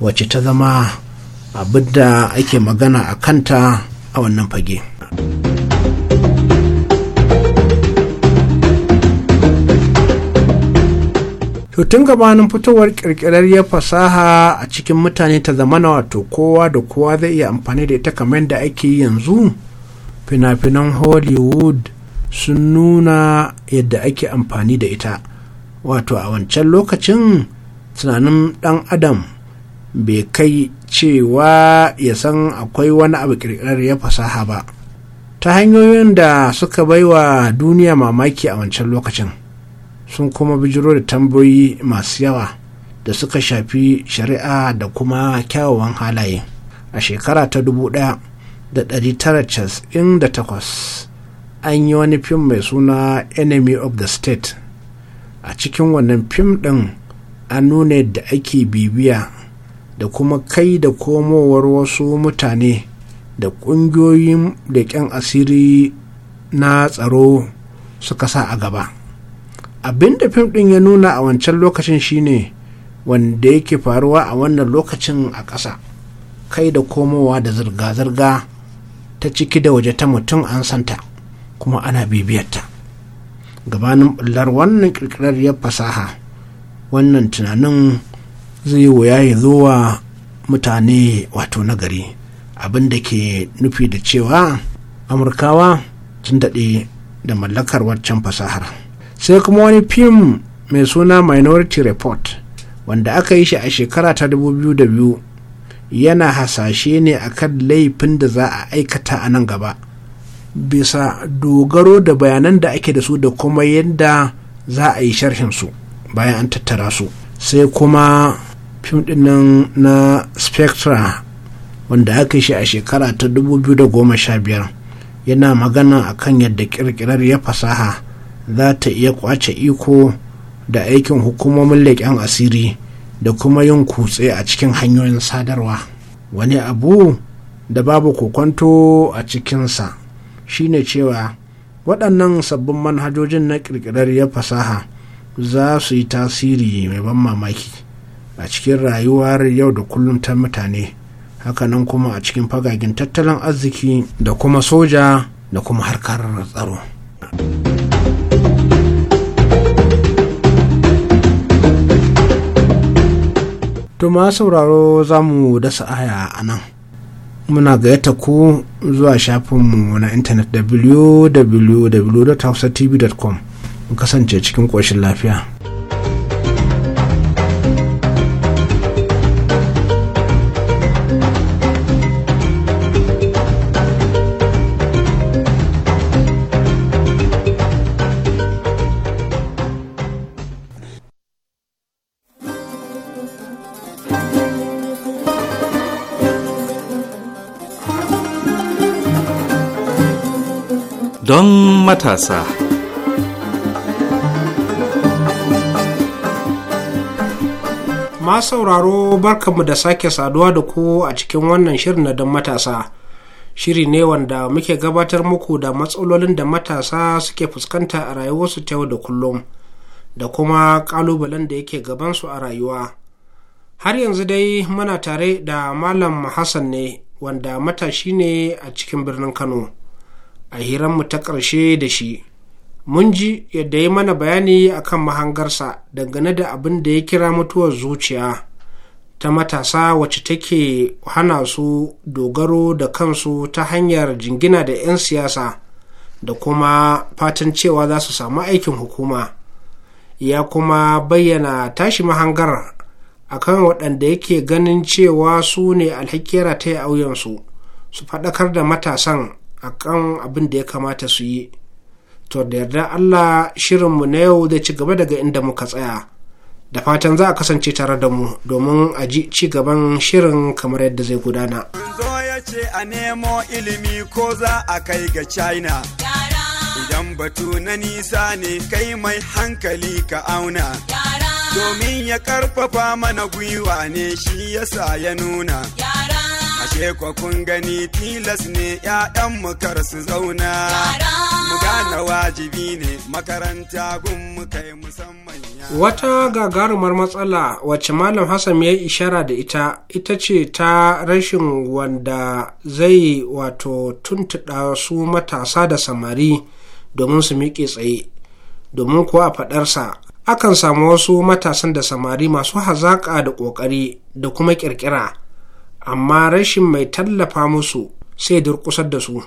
wacce ta zama abin da ake magana a kanta a wannan fage. to tun gabanin fitowar kirkirarriyar fasaha a cikin mutane ta zamana wato kowa da kowa zai iya amfani da ita kamar da ake yi yanzu fina-finan hollywood sun nuna yadda ake amfani da ita wato a wancan lokacin tunanin dan adam bai kai cewa ya san akwai wani abu ya fasaha ba ta hanyoyin da suka baiwa duniya mamaki a wancan lokacin sun kuma bijiro da tambayoyi masu yawa da suka shafi shari'a da kuma kyawawan halaye a shekara ta dubu da da takwas an yi wani fim mai suna enemy of the state a cikin wannan fim ɗin an nuna da ake bibiya da kuma kai da komowar wasu mutane da ƙungiyoyin leƙen asiri na tsaro suka sa a gaba abin da fim ɗin ya nuna a wancan lokacin shine wanda yake faruwa a wannan lokacin a ƙasa kai da komowa da zirga-zirga ta ciki da waje ta mutum an santa kuma ana bibiyarta gabanin ɓullar wannan ƙirƙirar ƙirƙirarriyar fasaha wannan tunanin zai wuya ya zo wa mutane wato nagari abin da ke nufi da cewa amurkawa sun daɗe da mallakar waccan fasahar. sai kuma wani fim mai suna minority report wanda aka yi shi a shekara ta 2002 yana hasashe ne akan laifin da za a aikata a nan gaba bisa dogaro da bayanan da ake da su da kuma yadda za a yi sharhinsu bayan an tattara su sai kuma fim dinnan na spectra wanda aka shi a shekara ta 2015 yana magana akan yadda kirkirar ya fasaha za ta iya kwace iko da aikin hukumomin leƙen asiri da kuma yin kutse a cikin hanyoyin sadarwa wani abu da babu kokonto a cikinsa shine cewa waɗannan sabbin manhajojin na ƙirƙirar ƙirƙirarriyar fasaha za su yi tasiri mai ban mamaki a cikin rayuwar yau da kullum ta mutane hakanan kuma a cikin fagagen tattalin arziki da kuma soja da kuma harkar tsaro. To ma sauraro za mu dasa aya a nan. Muna gayyata ku zuwa shafinmu na intanet www.hausatv.com mu kasance cikin ƙoshin lafiya. matasa. Ma sauraro barkanmu da sake saduwa da ku a cikin wannan shirin na don matasa. Shiri ne wanda muke gabatar muku da matsalolin da matasa suke fuskanta a rayuwarsu ta yau da kullum, da kuma ƙalubalen da yake gabansu a rayuwa. Har yanzu dai muna tare da Malam Hassan ne wanda matashi ne a cikin birnin Kano. a hiranmu ta ƙarshe da shi mun ji yadda ya mana bayani akan mahangarsa dangane da abin da ya kira mutuwar zuciya ta matasa wacce take hana su dogaro da kansu ta hanyar jingina da 'yan siyasa da kuma fatan cewa za su samu aikin hukuma ya kuma bayyana tashi mahangar a kan waɗanda yake ganin cewa su ne alhakera ta yi auyensu su faɗakar da matasan a kan abin da ya kamata su yi to da yarda allah shirinmu na yau zai ci gaba daga inda muka tsaya da fatan za a kasance tare da mu domin a ji ci gaban shirin kamar yadda zai gudana ya ce a nemo ilimi ko za a kai ga china idan batu na nisa ne kai mai hankali ka auna domin ya karfafa mana gwiwa ne shi yasa ya nuna Yara. ashe ko kun gani tilas ne 'ya'yan kar su zauna mu gane wajibi ne makaranta gun mu kai musamman wata gagarumar matsala wacce malam hassan ya ishara da ita ita ce ta rashin wanda zai wato tuntuɗa su matasa da samari domin su miƙe tsaye domin kuwa a faɗarsa akan samu wasu matasan da samari masu hazaƙa da ƙoƙari da kuma ƙirƙira amma rashin mai tallafa musu sai durƙusar da su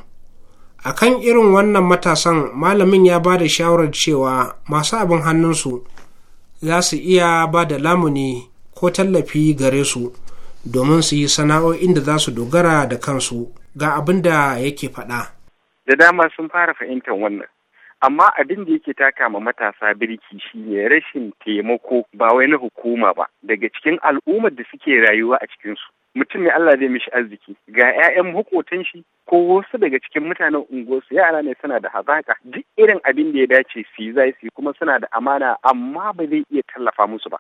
a kan irin wannan matasan malamin ya ba da shawarar cewa masu abin hannunsu za su iya ba da lamuni ko tallafi gare su domin su yi sana'o'in da za su dogara da kansu ga abin da yake faɗa. da dama sun fara fahimtar wannan amma abin da yake taka ma matasa birki shine rashin taimako ba wai na hukuma ba daga cikin al'ummar da suke rayuwa a cikinsu mutum ne Allah zai mishi arziki ga 'ya'yan hukotan shi ko wasu daga cikin mutanen unguwarsu yara ne suna da hazaka duk irin abin da ya dace su yi zai su kuma suna da amana amma ba zai iya tallafa musu ba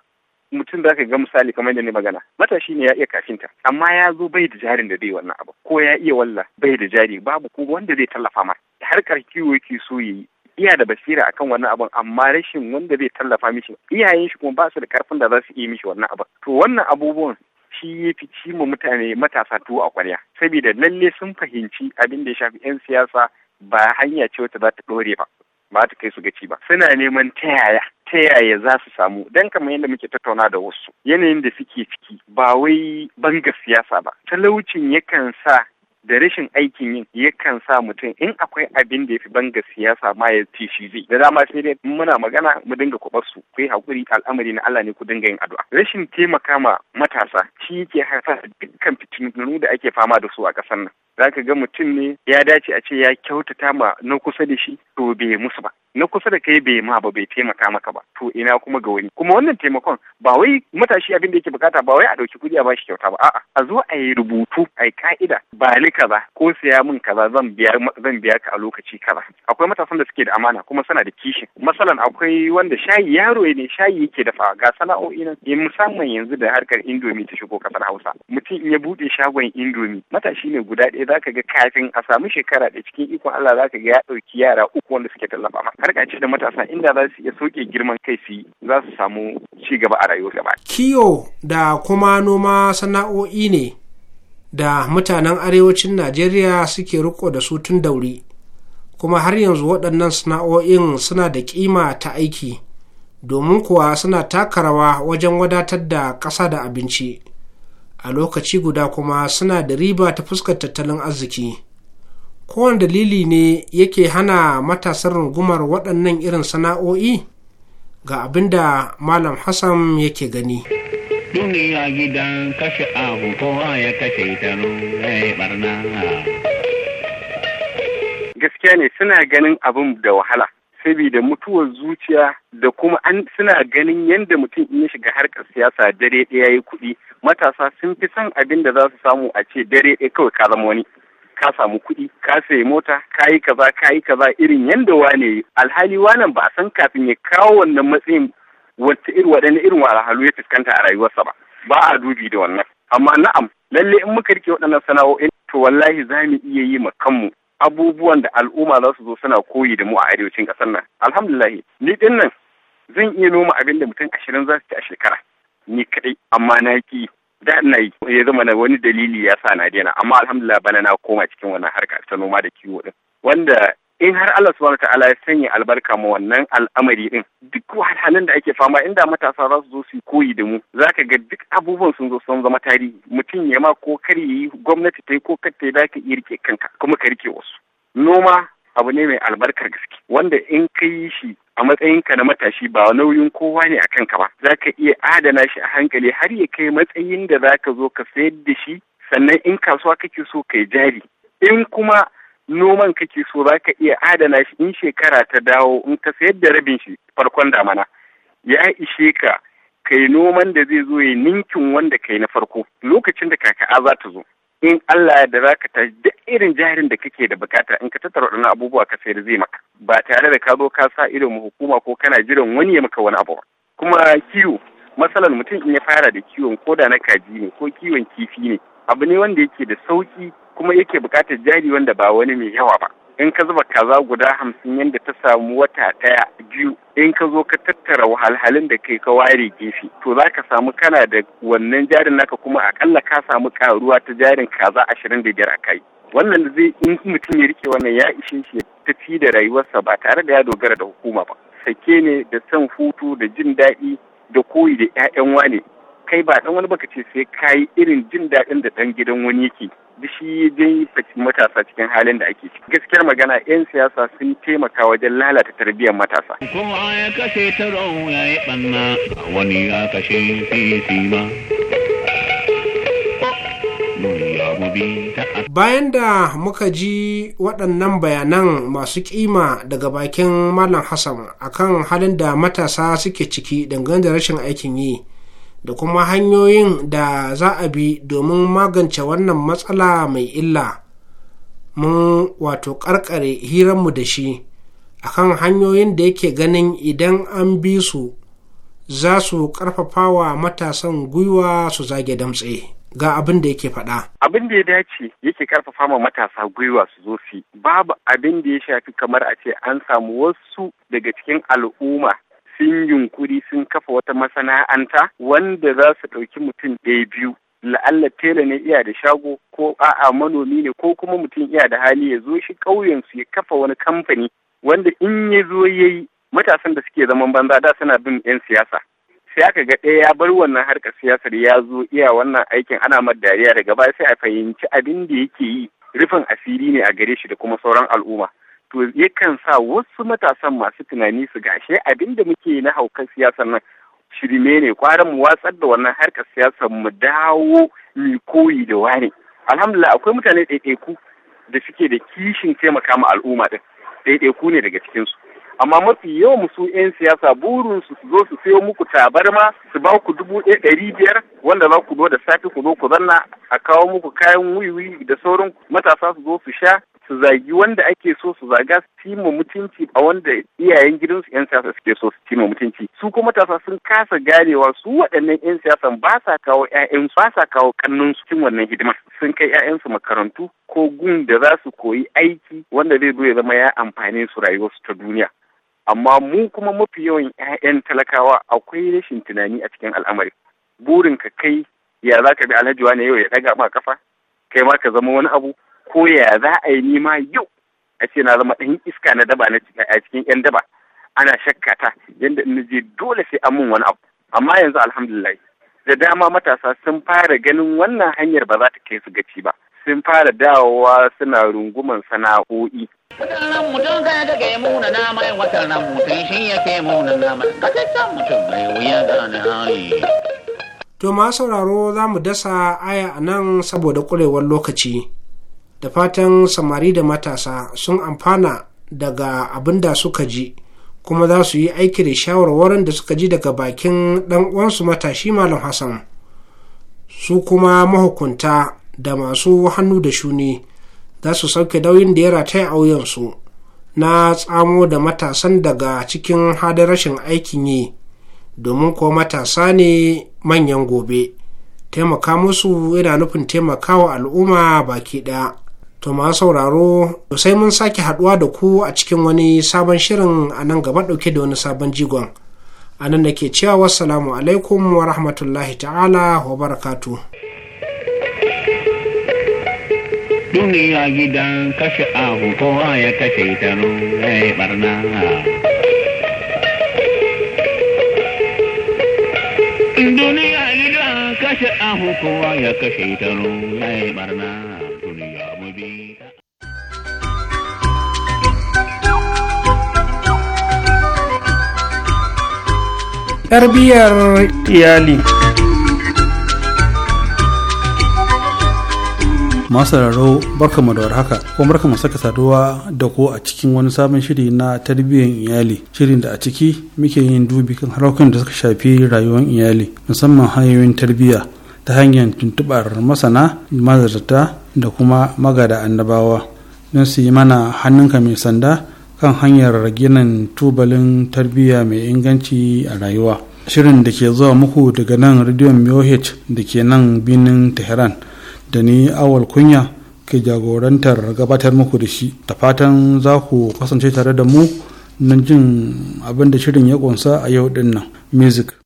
mutum za ka ga misali kamar da ni magana matashi ne ya iya kafinta amma ya zo bai da jarin da zai wannan abu ko ya iya walla bai da jari babu ko wanda zai tallafa ma harkar kiwo yake so yayi iya da basira akan wannan abun amma rashin wanda zai tallafa mishi iyayen shi kuma ba su da karfin da za su iya mishi wannan abun to wannan abubuwan shi ya fi ci mu mutane matasa tuwo a kwarya saboda lalle sun fahimci abin da ya shafi 'yan siyasa ba hanya ce wata za ta ɗore ba ba ta kai su gaci ba suna neman ta yaya ta yaya za su samu dan kamar yadda muke tattauna da wasu yanayin da suke ciki ba wai banga siyasa ba talaucin yakan sa da rashin aikin yin yakan sa mutum in akwai abin da ya fi banga siyasa ma ya ci shi zai da dama sai dai muna magana mu dinga kwabar su ku yi hakuri al'amari na Allah ne ku dinga yin addu'a rashin taimaka ma matasa shi yake haifar dukkan fitinu da ake fama da su a ƙasar nan zaka ga mutum ne ya dace a ce ya kyautata ma na kusa da shi to bai musu ba na kusa da kai bai ma ba bai taimaka maka ba to ina kuma ga wani kuma wannan taimakon ba wai matashi abin da yake bukata ba wai a dauki kuɗi a bashi kyauta ba a'a a zo a yi rubutu a yi ka'ida ba ni kaza ko siya min kaza zan biya zan biya ka a lokaci kaza akwai matasan da suke da amana kuma suna da kishi masalan akwai wanda shayi yaro ne shayi yake dafa ga sana'o'i nan eh, musamman yanzu da harkar indomi ta shigo kasar Hausa mutum in ya bude shagon indomi matashi ne guda ɗaya zaka ga kafin a samu shekara da cikin ikon Allah zaka ga ya ɗauki yara uku wanda suke tallafa karkace da matasa inda za su iya soke girman kai su za su samu ci gaba a rayuwar gaba. Kiyo da kuma noma sana'o'i ne da mutanen arewacin Najeriya suke riko da su tun dauri. Kuma har yanzu waɗannan sana'o'in suna da kima ta aiki, domin kuwa suna taka rawa wajen wadatar da ƙasa da abinci. A lokaci guda kuma suna da riba ta fuskar tattalin arziki. kowane dalili ne yake hana matasan rungumar waɗannan irin sana'o'i ga abin da malam hassan yake gani duniya gidan kashe abu kowa ya kashe barna gaskiya ne suna ganin abin da wahala saboda mutuwar zuciya da kuma an suna ganin yadda mutum in ya shiga harkar siyasa dare ɗaya ya kuɗi matasa sun fi son abin da za su samu a ce dare ɗaya kawai ka zama wani ka samu kuɗi ka sayi mota ka yi kaza ka yi kaza irin yanda wane alhali wanan ba a san kafin ya kawo wannan matsayin wata irin waɗanne irin wahalhalu ya fuskanta a rayuwarsa ba ba a dubi da wannan amma na'am lalle in muka rike waɗannan sana'o'in to wallahi za mu iya yi ma kanmu abubuwan da al'umma za su zo suna koyi da mu a arewacin ƙasar nan alhamdulillah ni din nan zan iya noma abin da mutum ashirin za su ci a shekara ni kaɗai amma na ki da na ya zama na wani dalili ya sa na daina amma alhamdulillah bana na koma cikin wannan harka ta noma da kiwo din wanda in har Allah subhanahu ta'ala ya sanya albarka ma wannan al'amari din duk wahalhalun da ake fama inda matasa za su zo su koyi da mu zaka ga duk abubuwan sun zo sun zama tarihi mutum ya ma ko kar yi gwamnati ta yi ko kar ta yi zaka iya rike kanka kuma ka rike wasu noma abu ne mai albarkar gaske wanda in ka yi shi a matsayinka na matashi ba nauyin kowa ne a kanka ba za ka iya adana shi a hankali har ya kai matsayin da za ka zo ka sayar da shi sannan in kasuwa kake so ka jari in kuma noman kake so za ka iya adana shi in shekara ta dawo in ka sayar da rabin shi farkon damana ya ishe ka kai noman da zai zo ya ninkin wanda kai na farko lokacin da kaka'a za ta zo in Allah da za ka tashi da irin jahirin da kake da bukata in ka tattara waɗannan abubuwa ka sayar zai maka ba tare da ka zo ka sa ido mu hukuma ko kana jiran wani ya maka wani abu kuma kiwo matsalar mutum in ya fara da kiwon koda na kaji ne ko kiwon kifi ne abu ne wanda yake da sauki kuma yake bukatar jari wanda ba wani mai yawa ba in ka zuba kaza guda hamsin yadda ta samu wata ɗaya biyu in ka zo ka tattara wahalhalin da kai ka ware gefe to za ka samu kana da wannan jarin naka kuma akalla ka samu karuwa ta jarin kaza ashirin da biyar a kai wannan zai in mutum ya rike wannan ya ishe shi ya tafi da rayuwarsa ba tare da ya dogara da hukuma ba sake ne da son hutu da jin daɗi da koyi da 'ya'yan wane kai ba ɗan wani baka ce sai kayi irin jin daɗin da ɗan gidan wani yake shi ya matasa cikin halin da ake ciki gaskiyar magana 'yan siyasa sun taimaka wajen lalata tarbiyyar matasa Bayan da muka ji waɗannan bayanan masu kima daga bakin Malam Hassan akan halin da matasa suke ciki dangane da rashin aikin yi, da kuma hanyoyin da za a bi domin magance wannan matsala mai illa mun wato karkare hiranmu da shi akan hanyoyin da yake ganin idan an bi su za su karfafa wa matasan gwiwa su zage damtse ga abin da yake faɗa. Abin da ya dace yake karfafa ma matasa gwiwa su zo su babu abin da ya shafi kamar a ce an samu wasu daga cikin al'umma sun yunkuri sun kafa wata masana'anta wanda za su ɗauki mutum ɗaya biyu la'alla tela ne iya da shago ko a'a manomi ne ko kuma mutum iya da hali ya zo shi ƙauyen su ya kafa wani kamfani wanda in ya zo ya yi matasan da suke zaman banza da suna bin 'yan siyasa sai aka ga ɗaya ya bar wannan harkar siyasar ya zo iya wannan aikin ana mar dariya daga baya sai a fahimci abin da yake yi rufin asiri ne a gare shi da kuma sauran al'umma to yakan sa wasu matasan masu tunani su gashe abinda da muke na haukar siyasar nan shirme ne kwaran mu watsar da wannan harkar siyasar mu dawo mu koyi da wani alhamdulillah akwai mutane ɗaiɗaiku da suke da kishin taimaka ma al'umma din ɗaiɗaiku ne daga cikin su amma mafi yawan su 'yan siyasa burin su zo su sayo muku tabarma su ba ku dubu ɗaya ɗari biyar wanda za ku zo da safe ku zo ku zanna a kawo muku kayan wiwi da sauran matasa su zo su sha su zagi wanda ake so su zaga su cima mutunci a wanda iyayen gidansu 'yan siyasa suke so su cima mutunci su kuma matasa sun kasa ganewa su waɗannan 'yan siyasan ba sa kawo 'ya'yansu ba sa kawo su cikin wannan hidima sun kai 'ya'yansu makarantu ko gun da za su koyi aiki wanda zai zo ya zama ya amfane su rayuwarsu ta duniya amma mu kuma mafi yawan 'ya'yan talakawa akwai rashin tunani a cikin al'amari burin ka kai ya za ka bi alhaji wa ne yau ya ɗaga ma kafa kai ma ka zama wani abu ko ya za a yi nima yau a ce na zama ɗan iska na daba na a cikin yan daba ana shakka ta yadda in je dole sai a mun wani abu amma yanzu alhamdulillah da dama matasa sun fara ganin wannan hanyar ba za ta kai su gaci ba sun fara dawowa suna runguman sana'o'i mutum zai ga ke nama mutum shi yake nama mutum mai wuya gane hali. To ma sauraro za mu dasa aya a nan saboda kurewar lokaci. da fatan samari da matasa sun amfana daga abin da suka ji kuma za su yi aiki da shawarwarin da suka ji daga bakin ɗan uwansu matashi malam hassan su kuma mahukunta da masu hannu da shuni za su sauke dauyin da ya rataya a wuyansu na tsamo da matasan daga cikin hada rashin aikin yi domin kuwa matasa ne manyan gobe taimaka musu yana nufin taimakawa al'umma baki ɗaya To ma sauraro sai mun sake haduwa da ku a cikin wani sabon shirin a nan gaba dauke da wani sabon jigon. A nan da ke cewa wassalamu alaikum wa rahmatullahi ta'ala wa barakatu. Duniya gidan kashe ahu kowa ya kashe ta ya barna. Duniya gidan kashe ahu kowa ya kashe ta ya barna. tarbiyyar iyali masu raro barkamu da warhaka ko barkamu saka saduwa da ko a cikin wani sabon shiri na tarbiyyar iyali shirin da a ciki muke yin dubi kan harkokin da suka shafi rayuwar iyali musamman hanyoyin tarbiyya ta hanyar tuntubar masana mazarta da kuma magada annabawa don su yi mana hannunka mai sanda kan hanyar ginin tubalin tarbiyya mai inganci a rayuwa shirin da ke zuwa muku daga nan rediyon mioh da ke nan binin tehran da ni awal kunya ke jagorantar gabatar muku da shi ta fatan za ku kasance tare da mu nan jin abin da shirin ya ƙunsa a yau dinnan. music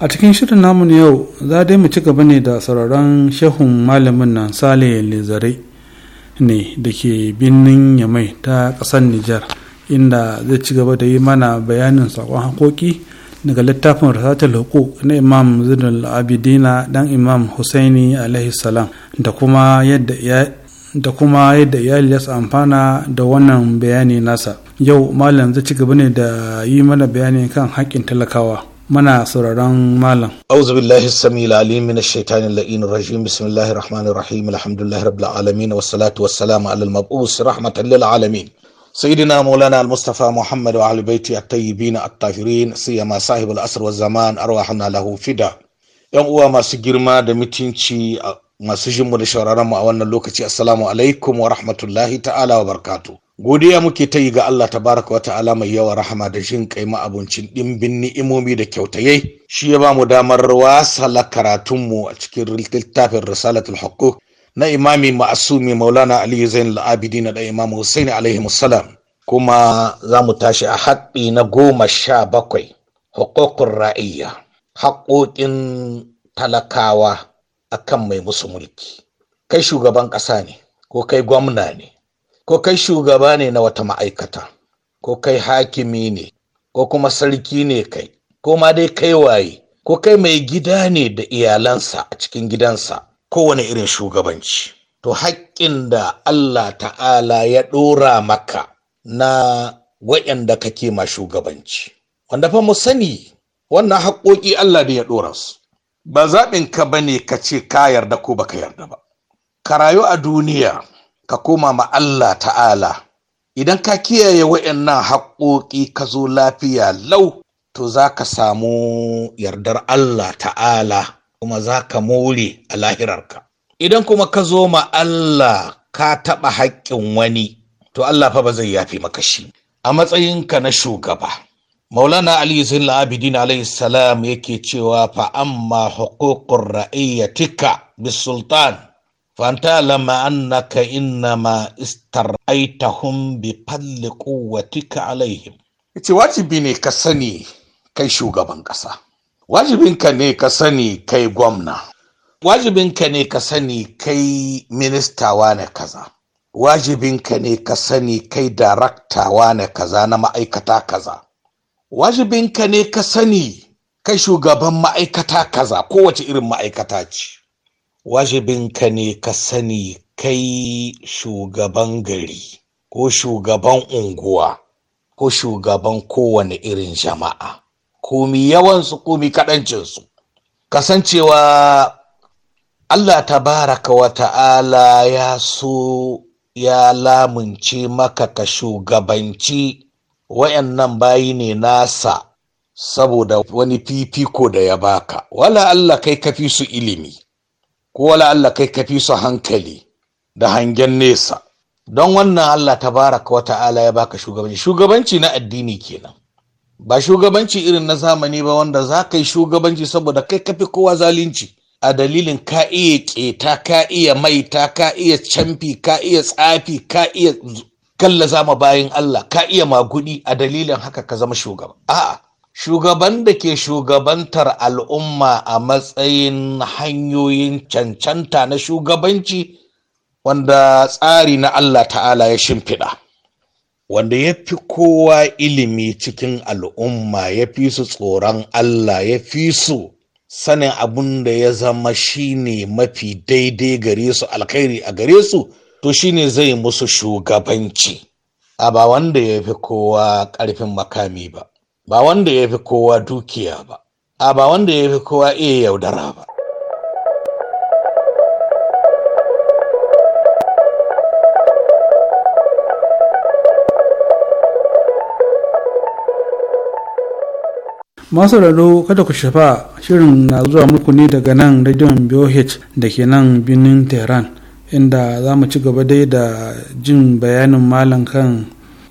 a cikin shirin namu na yau za dai mu ci gaba ne da sauraron shehun malamin nan sale lizare ne da ke birnin yamai ta ƙasar nijar inda zai ci gaba da yi mana bayanin saƙon haƙoƙi daga littafin rasatul hukuk na imam zidul abidina dan imam husaini alaihi salam da kuma yadda iyali ya amfana da wannan bayani nasa yau malam zai ci gaba ne da yi mana bayani kan haƙƙin talakawa Mana sauraron malam. Auzu billahi samil alim min ash la'in rajim bismillahir rahmanir rahim alhamdulillahi rabbil alamin was salatu was salamu ala al-mab'us rahmatan lil alamin سيدنا مولانا المصطفى a وعلى بيته الطيبين الطاهرين سيما صاحب الأسر zaman: أرواحنا له فدا ‘Yan uwa masu girma da mutunci masu jinmu da shawararmu a wannan lokaci, Assalamu alaikum wa rahmatullahi ta'ala wa barkatu. godiya muke ta yi ga Allah tabaraka wa ta'ala mai yawa rahama da jin kai ma'abuncin ɗimbin ni'imomi da kyautaye shi ya ba mu damar wasala karatunmu a cikin littafin risalatul haqqu na imami ma'asumi maulana ali zain al na da imam husaini alaihi salam kuma za mu tashi a haƙƙi na goma sha bakwai haƙoƙin ra'ayya haƙoƙin talakawa akan mai musu mulki kai shugaban ƙasa ne ko kai gwamna ne ko kai shugaba ne na wata ma'aikata ko kai hakimi ne ko kuma sarki ne kai ko ma dai kai waye ko kai mai gida ne da iyalansa a cikin gidansa kowane irin shugabanci to haƙƙin da Allah ta'ala ya ɗora maka na waɗanda kake ma shugabanci wanda fa mu sani wannan haƙƙoƙi Allah da ya ɗora su ba zaɓin ka bane ka ce ka yarda ko baka yarda ba ka rayu a duniya ka koma ma Allah ta'ala idan ka kiyaye wa'annan haƙoƙi ka zo lafiya lau to za ka samu yardar Allah ta'ala kuma za ka more a lahirarka idan kuma ka zo ma Allah ka taɓa haƙƙin wani to Allah fa ba zai yafi maka shi a matsayinka na shugaba maulana ali zin abidin alayhi salam yake cewa fa amma ra'ayyatika ra'iyatika bisultan فانتعلم أنك إنما استرأيتهم بفضل قوتك عليهم ce wajibi ne ka sani kai shugaban ƙasa wajibinka ne ka sani kai gwamna wajibinka ne ka sani kai ministawa ne kaza wajibinka ne ka sani kai daraktawa na kaza na ma'aikata kaza wajibinka ne ka sani kai shugaban ma'aikata kaza kowace irin ma'aikata ce wajibinka ne ka sani kai shugaban gari ko shugaban unguwa ko shugaban kowane irin jama'a komi yawansu komi kaɗancinsu kasancewa allah tabaraka wa ta'ala ya so ya lamunce maka ka shugabanci wayannan bayi ne nasa saboda wani fifiko da ya baka wala allah kai ka fi su ilimi ko wala Allah kai ka fi su hankali da hangen nesa don wannan Allah ta baraka wa ta'ala ya baka shugabanci shugabanci na addini kenan ba shugabanci irin na zamani ba wanda za ka yi shugabanci saboda kai ka fi kowa zalunci a dalilin ka iya keta ka iya maita ka iya camfi ka iya tsafi ka iya kalla zama bayan Allah ka iya magudi a dalilin haka ka zama shugaba a'a shugaban da ke shugabantar al'umma a matsayin hanyoyin cancanta na shugabanci wanda tsari na Allah ta'ala ya shimfiɗa wanda ya fi kowa ilimi cikin al'umma ya fi su tsoron Allah ya fi su sanin abin da ya zama shine mafi daidai gare su alkhairi a gare su to shine zai musu shugabanci a ba wanda ya fi kowa ƙarfin makami ba ba wanda ya fi kowa dukiya ba a ba wanda ya fi kowa iya yaudara ba masu raro kada ku shafa shirin na zuwa muku ne daga nan radion BOH da ke nan birnin tehran inda za mu ci gaba dai da jin bayanin malam kan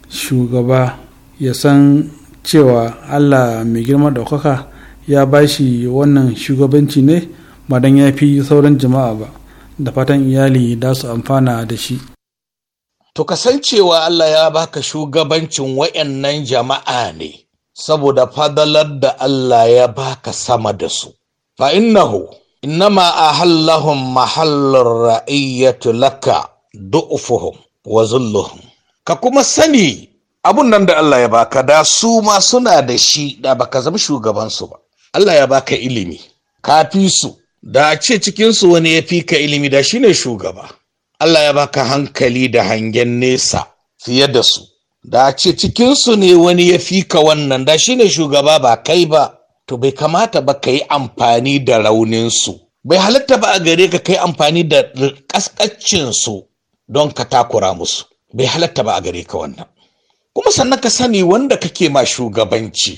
shugaba ya san cewa allah mai girma ɗaukaka ya ba shi wannan shugabanci ne ba don ya fi sauran jama'a ba da fatan iyali da su amfana da shi to kasancewa allah ya baka shugabancin wayannan jama'a ne saboda fadalar da allah ya baka sama da su fa innahu innama hallahun mahallar ra'iyyatu laka du'ufuhum wa zulluhum ka kuma sani abun nan da Allah ya baka da su ma suna da shi da baka zama shugabansu ba Allah ya baka ilimi ka fi su da a ce cikinsu wani ya fi ka ilimi da shine shugaba Allah ya baka hankali da hangen nesa fiye da su da a ce cikinsu ne wani ya fi ka wannan da shine shugaba ba kai ba to bai kamata ba ka yi amfani da rauninsu bai halatta ba a gare ka kai amfani da su don ka takura musu bai halatta ba a gare ka wannan kuma sannan ka sani wanda kake ma shugabanci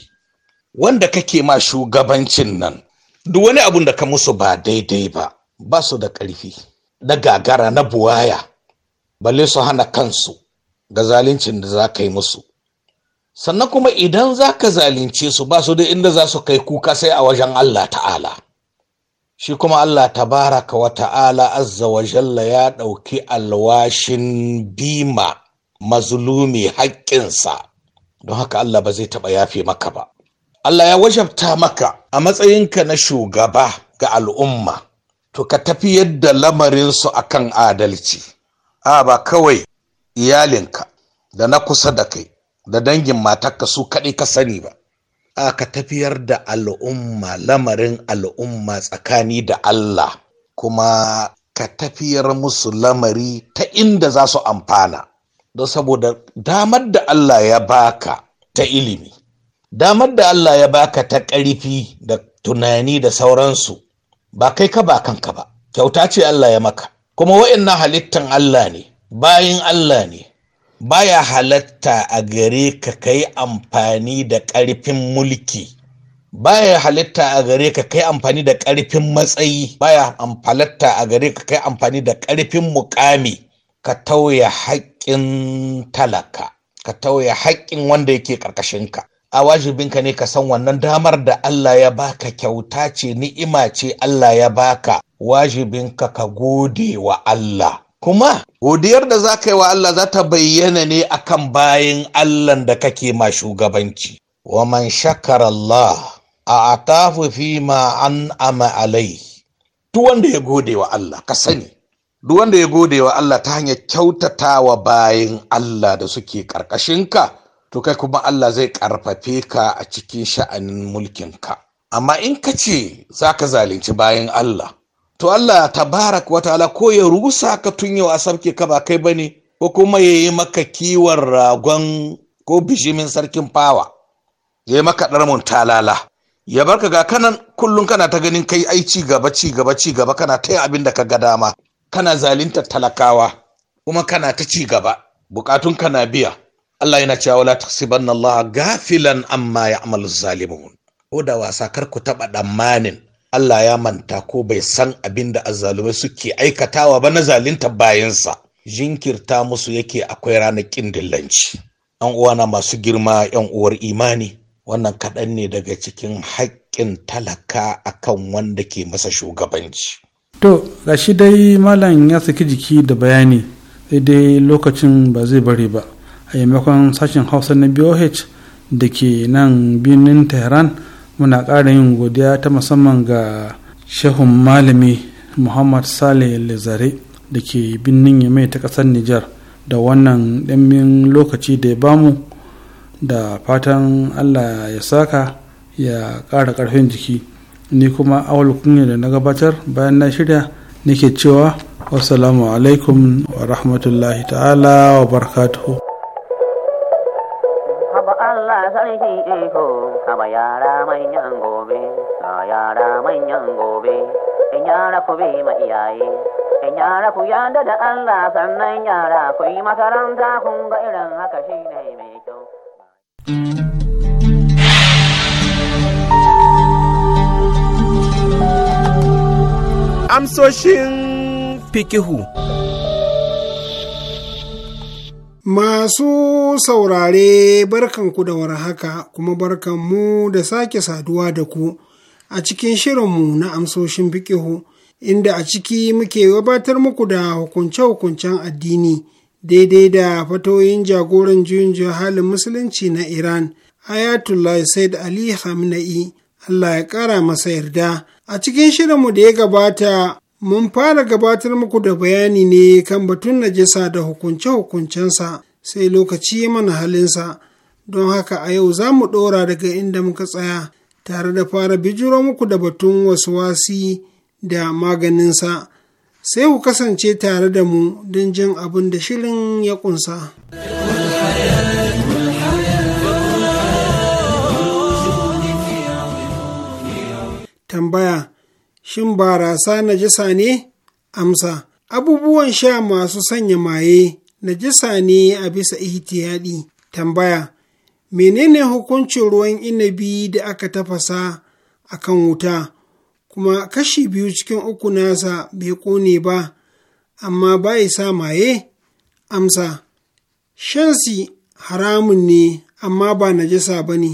wanda kake ma shugabancin nan duk wani abun da ka musu ba daidai ba ba su da ƙarfi na gagara na buwaya balle su hana kansu ga zaluncin da za ka yi musu sannan kuma idan za ka zalunce su ba su da inda za su kai kuka sai a wajen Allah ta'ala shi kuma Allah tabaraka wa ta'ala azza wa jalla ya ɗauki alwashin bima mazulumi haƙƙinsa don haka Allah ba zai taɓa yafe maka ba Allah ya wajabta maka a matsayinka na shugaba ga al'umma to ka tafi yadda lamarinsu kan adalci a ba kawai iyalinka da na kusa da kai da dangin matarka su kaɗai ka sani ba a ka tafiyar da al'umma lamarin al'umma tsakani da Allah kuma ka tafiyar musu lamari ta inda za su amfana don saboda damar da Allah ya baka ta ilimi damar da Allah ya baka ta ƙarfi da tunani da sauransu ba kai ka ba kanka ba kyauta ce Allah ya maka kuma waɗannan halittan Allah ne Bayan Allah ne baya halatta a gare ka kai amfani da ƙarfin mulki baya halitta a gare ka kai amfani da ƙarfin matsayi baya halatta a gare ka kai amfani da ƙarfin muƙami. ka tauya haƙƙin talaka ka tauya haƙƙin wanda yake ƙarƙashinka a wajibinka ne ka san wannan damar da Allah ya baka kyauta ce ni'ima ce Allah ya baka wajibinka ka gode wa Allah kuma godiyar da za ka yi wa Allah za ta bayyana ne a kan bayan Allah da kake ma shugabanci wa man shakara Allah a atafu fi ma an ama alai tu wanda ya gode wa Allah ka sani duk wanda ya gode wa Allah ta hanyar kyautata wa bayin Allah da suke ƙarƙashinka to kai kuma Allah zai ƙarfafe ka a cikin sha'anin mulkinka amma in ka ce za ka zalunci bayan Allah to Allah tabarak wa ta'ala ko ya rusa ka tun yau a ka ba kai bane ko kuma ya yi maka kiwon ragon ko bishimin sarkin fawa ya yi maka ɗarmun talala ya barka ga kanan kullum kana ta ganin kai aici ci gaba ci gaba ci gaba kana ta abin da ka ga dama kana zalintar talakawa kuma kana ta ci gaba bukatun kana biya Allah yana cewa la tahsibanna Allah gafilan amma ya'malu zalimun ko da wasa kar ku taba damanin Allah ya manta ko bai san abinda da azzalumai suke aikatawa ba na zalintar bayansa jinkirta musu yake akwai ranakin dillanci an uwana masu girma yan uwar imani wannan kaɗan ne daga cikin haƙƙin talaka akan wanda ke masa shugabanci to shi dai malam ya saki jiki da bayani sai dai lokacin ba zai bari ba a yamakon sashen hausa na boh da ke nan birnin tehran muna ƙara yin godiya ta musamman ga shehun malami muhammad saleh lezare da ke birnin yamai ta ƙasar nijar da wannan ɗanbin lokaci da ya bamu da fatan allah ya saka ya ƙara ƙarfin jiki ni kuma awal kunya da na gabatar bayan na shirya nake cewa wasalamu alaikum wa rahmatullahi ta'ala wa barakatuhu haba Allah sarki iko haba yara ku bi da Allah sannan yara ku yi makaranta kun ga irin haka shine mai kyau amsoshin fikihu. Masu saurare barkanku da warhaka kuma barkanmu da sake saduwa da ku a cikin shirinmu na amsoshin fikihu inda a ciki muke gabatar muku da hukunce-hukuncen addini daidai da fatoyin jagoran juyin halin musulunci na Iran Ayatollah Said Ali Hamna'i Allah ya ƙara masa yarda. A cikin shirinmu da ya gabata, mun fara gabatar muku da bayani ne kan batun najasa da hukunce-hukuncensa sai lokaci mana halinsa, don haka a yau za mu ɗora daga inda muka tsaya tare da fara bijiro muku da batun wasu wasi da maganinsa. Sai ku kasance tare da mu don jin abin da shirin ya ƙunsa. tambaya shin barasa najasa ne amsa abubuwan sha masu sanya maye najasa ne a bisa ihtiyadi tambaya menene hukuncin ruwan inabi da aka tafasa a kan wuta kuma kashi biyu cikin uku nasa bai kone ba amma ya sa maye amsa shansi haramun ne amma ba najasa ba ne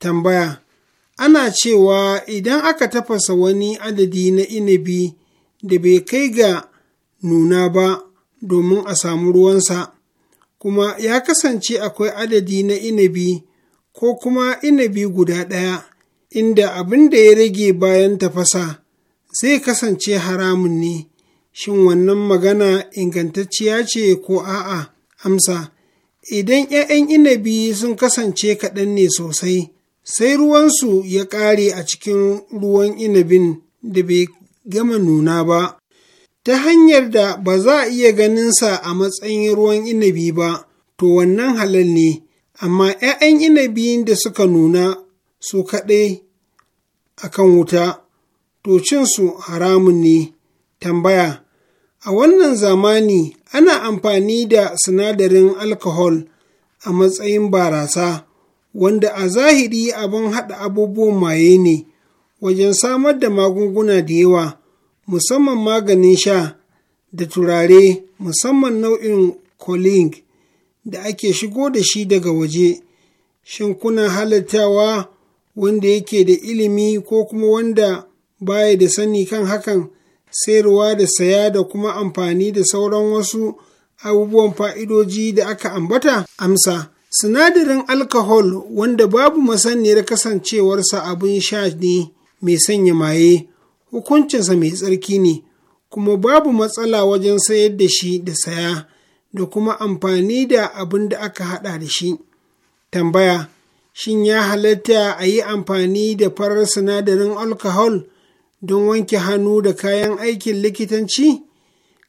tambaya ana cewa idan aka tafasa wani adadi na inabi da bai kai ga nuna ba domin a samu ruwansa kuma ya kasance akwai adadi na inabi ko kuma inabi guda ɗaya inda abin da ya rage bayan tafasa zai kasance haramun ne shin wannan magana ingantacciya ce ko a'a amsa idan 'ya'yan inabi sun kasance kaɗan ne sosai sai ruwansu ya ƙare a cikin ruwan inabin da bai gama nuna ba, ta hanyar da ba za a iya ganinsa a matsayin ruwan inabi ba, to wannan halal ne, amma ‘ya'yan inabi da suka nuna su kaɗai a kan wuta, to cinsu haramun ne, tambaya. A wannan zamani ana amfani da sinadarin alkahol a matsayin barasa. wanda a zahiri abin haɗa abubuwan maye ne wajen samar da magunguna da yawa musamman maganin sha da turare musamman nau'in coling da ake shigo da shi daga waje shin kuna halattawa wanda yake da ilimi ko kuma wanda baya da sani kan hakan sayarwa da saya da kuma amfani da sauran wasu abubuwan fa'idoji da aka ambata amsa Sinadarin alkahol wanda babu masaniyar kasancewarsa abin sha ne mai sanya maye, hukuncinsa mai tsarki ne, kuma babu matsala wajen sayar da shi da saya da kuma amfani da abin da aka haɗa da shi. Tambaya, shin ya halatta a yi amfani da farar sinadarin alkahol don wanke hannu da kayan aikin likitanci,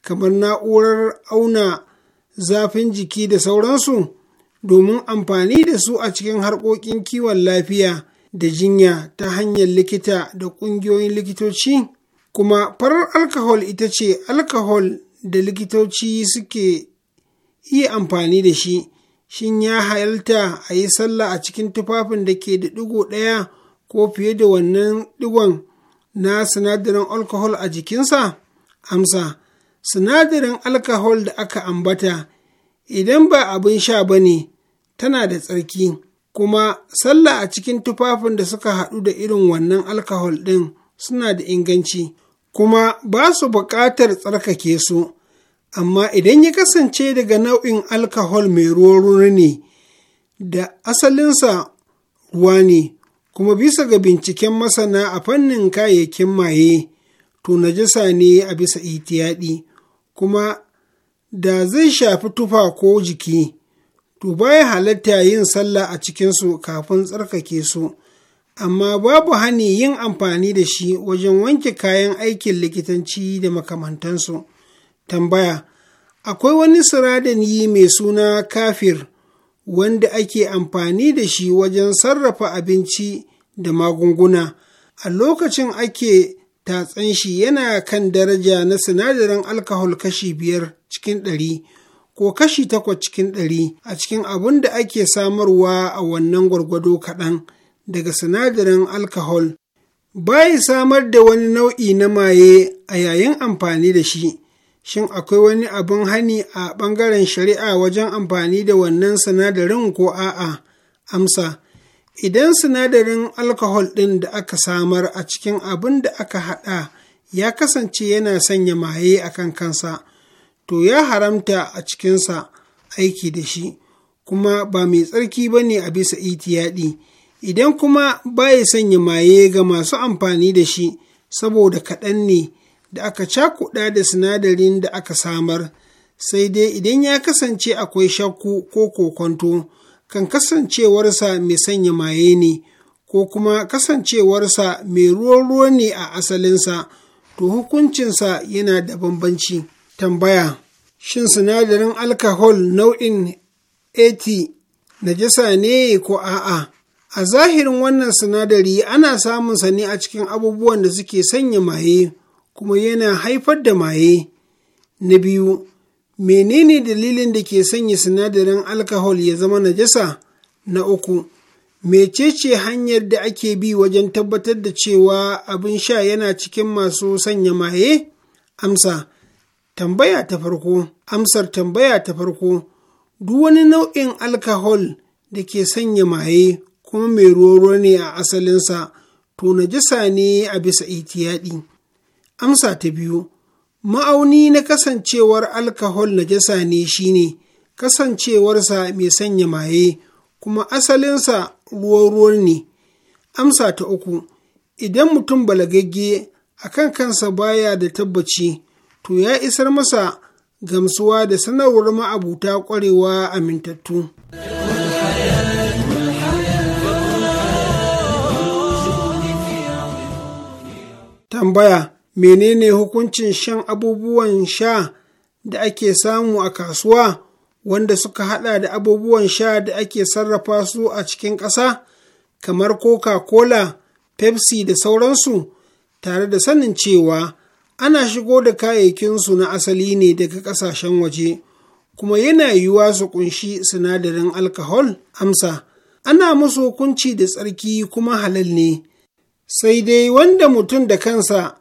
kamar na'urar auna zafin jiki da sauransu? domin amfani da su a cikin harkokin kiwon lafiya da jinya ta hanyar likita da ƙungiyoyin likitoci kuma farar alkahol ita ce alkahol da likitoci suke yi amfani da shi shin ya halarta a yi sallah a cikin tufafin da ke da digo ɗaya ko fiye da wannan digon na sinadarin alkahol a jikinsa amsa sinadarin alkahol da aka ambata idan ba abin sha ba ne tana da tsarki kuma sallah a cikin tufafin da suka haɗu da irin wannan alkahol ɗin suna da inganci kuma ba su buƙatar tsarkake su amma idan ya kasance daga nau'in alkahol mai ruwa ne da asalinsa ruwa ne kuma bisa ga binciken masana a fannin kayayyakin maye to jisa ne a bisa itiyaɗi kuma da zai shafi tufa ko jiki to baya halatta yin sallah a cikinsu kafin tsarkake su amma babu hani yin amfani da shi wajen wanke kayan aikin likitanci da makamantansu tambaya akwai wani siradani mai suna kafir wanda ake amfani da shi wajen sarrafa abinci da magunguna a lokacin ake tatsan shi yana kan daraja na sinadarin alkahol kashi biyar cikin ɗari ko kashi takwas cikin ɗari a cikin abin da ake samarwa a wannan gwargwado kaɗan daga sinadarin alkahol bayi samar da wani nau'i na maye a yayin amfani da shi shin akwai wani abin hani a ɓangaren shari'a wajen amfani da wannan sinadarin ko a'a amsa idan sinadarin alkahol ɗin da aka samar a cikin abin da aka haɗa ya kasance yana sanya maye a kan kansa to ya haramta a cikinsa aiki da shi kuma ba mai tsarki ba ne a bisa itiyaɗi idan kuma baya sanya maye ga masu amfani da shi saboda kaɗan ne da aka cakuɗa da sinadarin da aka samar sai dai idan ya kasance akwai shakku ko kokonto kan kasancewarsa mai sanya maye ne ko kuma kasancewarsa mai ruwa-ruwa ne a asalinsa to hukuncinsa yana da bambanci. Tambaya, shin sinadarin alkahol nau'in 80 najasa ne ko a'a? A zahirin wannan sinadari ana samun sa ne a cikin abubuwan da suke sanya maye kuma yana haifar da maye. Na biyu, menene dalilin da ke sanya sinadarin alkahol ya zama najasa? Na uku, mecece hanyar da ake bi wajen tabbatar da cewa abin sha yana cikin masu sanya maye? Amsa, Tambaya ta farko, amsar tambaya ta farko, duk wani nau'in alkahol da ke sanya maye kuma mai ruwa ne a asalinsa, to najasa ne a bisa itiyaɗi. Amsa ta biyu, ma'auni na kasancewar alkahol najasa ne shine kasancewarsa mai sanya maye kuma asalinsa ruwa-ruwan ne. Amsa ta uku, idan mutum balagagge akan kansa baya da tabbaci to ya isar masa gamsuwa da sanarwar ma'abuta ƙwarewa mintattu. Tambaya menene hukuncin shan abubuwan sha da ake samu a kasuwa wanda suka hada da abubuwan sha da ake sarrafa su a cikin ƙasa kamar coca-cola pepsi da sauransu tare da sanin cewa ana shigo da kayayyakinsu na asali ne daga ƙasashen waje kuma yana yiwuwa su kunshi sinadarin alkahol amsa ana musu hukunci da tsarki kuma halal ne sai dai wanda mutum da kansa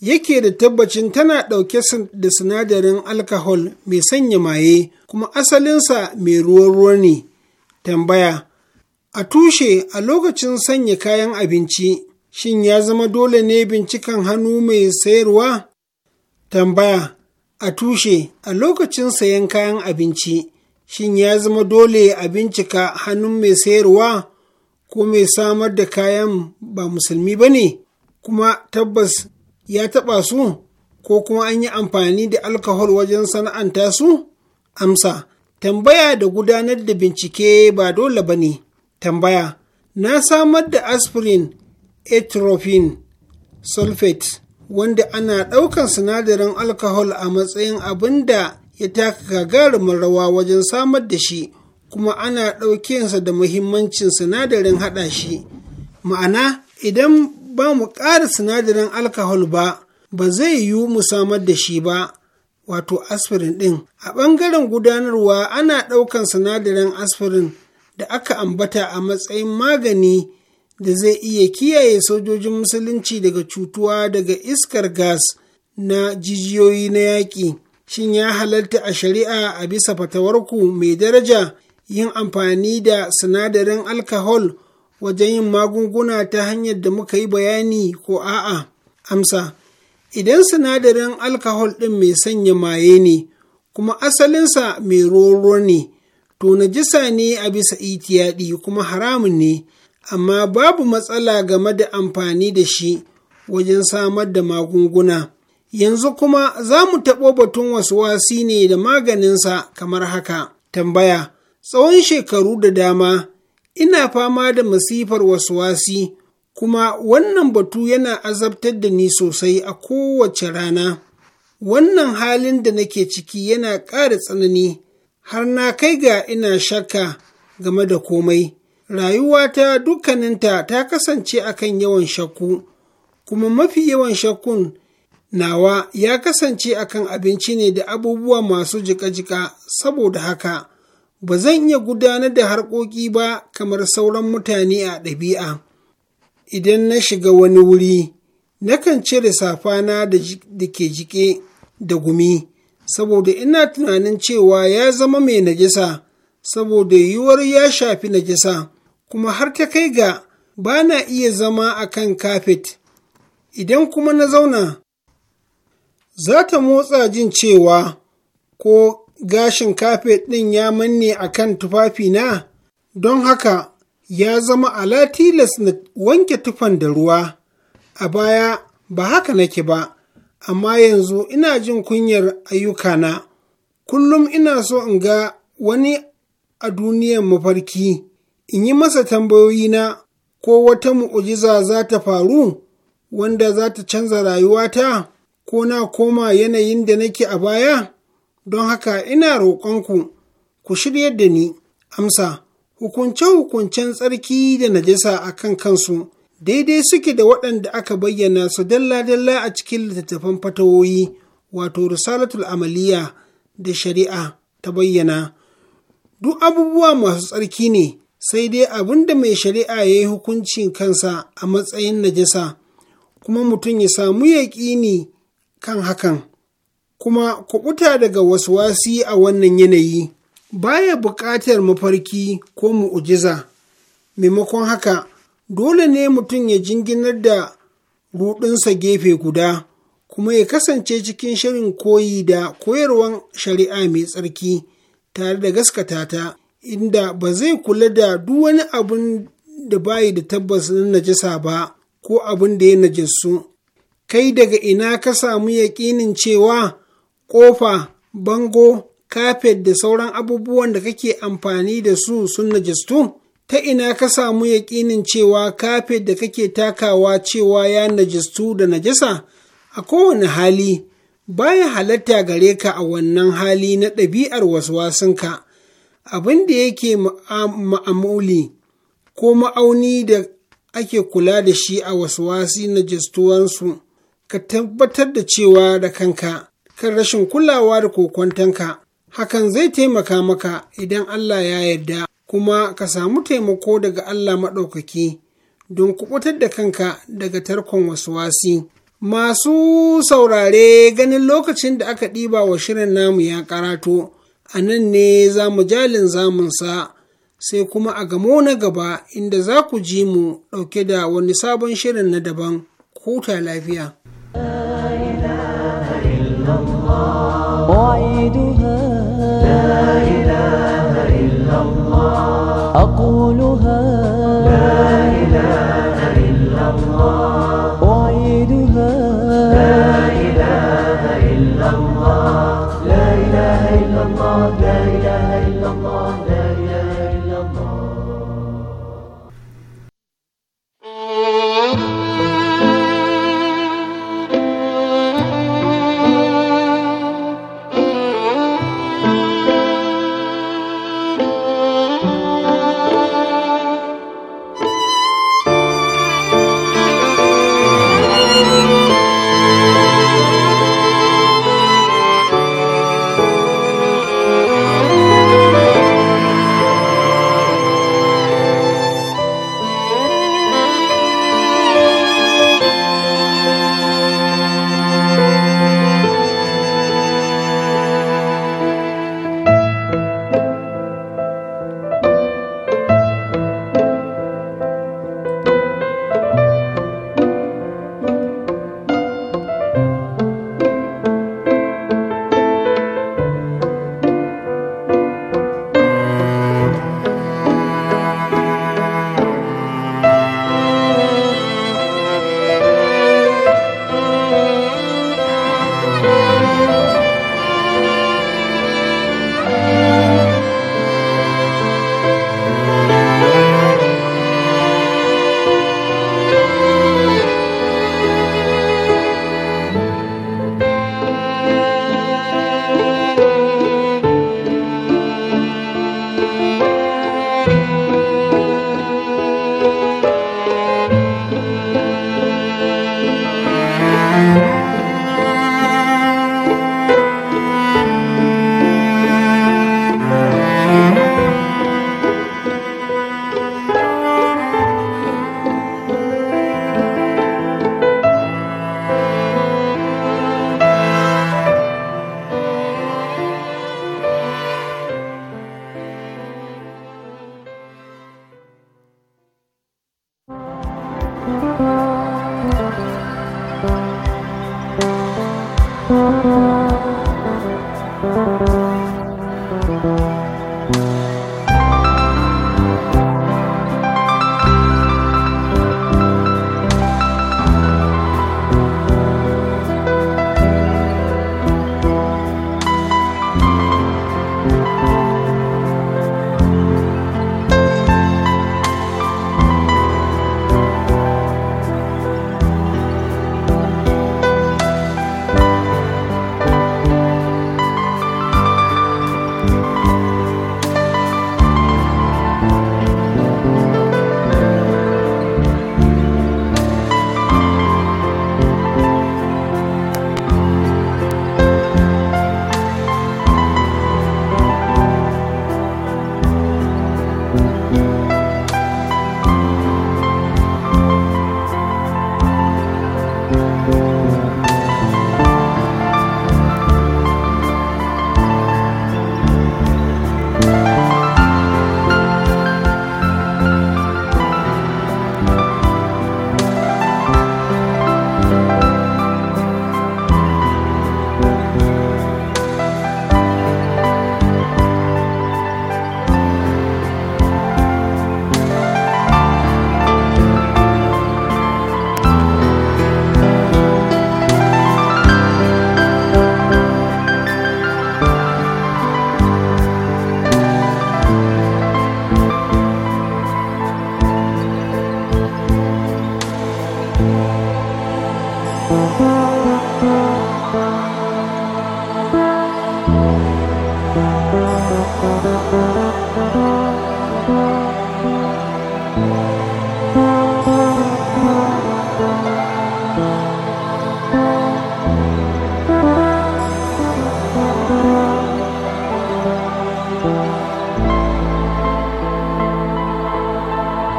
yake da tabbacin tana ɗauke da sinadarin alkahol mai sanya maye kuma asalinsa mai ruwan ruwa ne tambaya a tushe a lokacin sanya kayan abinci shin ya zama dole ne binciken hannu mai sayarwa? Tambaya, a tushe, a lokacin sayan kayan abinci, shin ya zama dole a bincika hannun mai sayarwa ko mai samar da kayan ba musulmi ba ne, kuma tabbas ya taɓa su, ko kuma an yi amfani da alkahol wajen sana'anta su? Amsa, tambaya da gudanar da bincike ba dole ba ne. Tambaya, na samar da aspirin atropine sulfate wanda ana ɗaukar sinadarin alkahol a matsayin abin da ya taka gagarumin rawa wajen samar da shi kuma ana ɗaukensa da muhimmancin sinadarin haɗa shi ma'ana idan ba mu ƙara sinadarin alkahol ba ba zai yiwu mu samar da shi ba wato aspirin ɗin a ɓangaren gudanarwa ana ɗaukan sinadarin aspirin da aka ambata a matsayin magani da zai iya kiyaye sojojin musulunci daga cutuwa daga iskar gas na jijiyoyi na yaƙi shin ya halarta a shari'a a bisa fatawarku mai daraja yin amfani da sinadarin alkahol wajen yin magunguna ta hanyar da muka yi bayani ko a'a amsa idan sinadarin alkahol ɗin mai sanya maye ne kuma asalinsa mai roro ne to najisa ne a bisa itiyaɗi kuma haramun ne amma babu matsala game da amfani da shi wajen samar da magunguna. Yanzu kuma za mu taɓo batun wasi ne da maganinsa kamar haka. Tambaya, tsawon shekaru da dama, ina fama da masifar wasu wasi, kuma wannan batu yana azabtar da ni sosai a kowace rana. Wannan halin da nake ciki yana ƙara tsanani, har na kai ga ina shakka game da komai. rayuwata dukkaninta ta kasance akan yawan shakku kuma mafi yawan shakkun nawa ya kasance akan abinci ne da abubuwa masu jika-jika saboda haka ba zan iya gudanar da harkoki ba kamar sauran mutane a ɗabi'a idan na shiga wani wuri nakan cire safana da ke jike da gumi saboda ina tunanin cewa ya zama mai najisa saboda yiwuwar ya shafi najisa kuma har ta kai ga ba na iya zama a kan kafet, idan kuma na zauna, za ta motsa jin cewa ko gashin kafet ɗin ya manne a kan tufafina, don haka ya zama ala tilas na wanke tufan da ruwa. A baya ba haka nake ba, amma yanzu ina jin kunyar ayyukana, kullum ina so in ga wani a duniyan mafarki. in yi masa tambayoyi na ko wata mu'ujiza za ta faru wanda za ta canza rayuwata ko na koma yanayin da nake a baya don haka ina roƙonku ku shirya da ni amsa hukunce-hukuncen tsarki da najasa a kan kansu daidai suke da waɗanda aka bayyana su dalla-dalla a cikin littattafan fatawoyi wato risalatul amaliya da shari'a ta bayyana duk abubuwa masu tsarki ne sai dai abin da mai shari'a ya yi hukuncin kansa a matsayin najasa kuma mutum ya samu yaƙini kan hakan kuma kuɓuta daga wasu wasi a wannan yanayi baya buƙatar mafarki ko mu'ujiza maimakon haka dole ne mutum ya jinginar da ruɗinsa gefe guda kuma ya kasance cikin shirin koyi da koyarwan shari'a mai tsarki tare da gaskata ta inda ba zai kula da duk wani abun da bayi da tabbas na najasa ba ko abin da ya najasu kai daga ina ka samu yaƙinin cewa ƙofa bango kafet da sauran abubuwan da kake amfani da su sun najistu? Ta ina ka samu yaƙinin cewa kafet da kake takawa cewa ya najistu da najisa? A kowane hali, baya halatta gare ka a wannan hali na ɗabi'ar wasu waswasinka, abin da yake ma'amuli ko ma'auni da ake kula da shi a wasu wasi na jistuwansu ka tabbatar da cewa da kanka kan rashin kulawa da kokwantanka hakan zai taimaka maka idan Allah ya yarda kuma ka samu taimako daga Allah maɗaukaki don kubutar da kanka daga tarkon wasu wasi. Masu saurare ganin lokacin da aka ɗiba wa shirin namu ya karato, a nan ne za mu jalin zamunsa sai kuma a gamo na gaba inda za ku ji mu ɗauke da wani sabon shirin na daban huta lafiya. La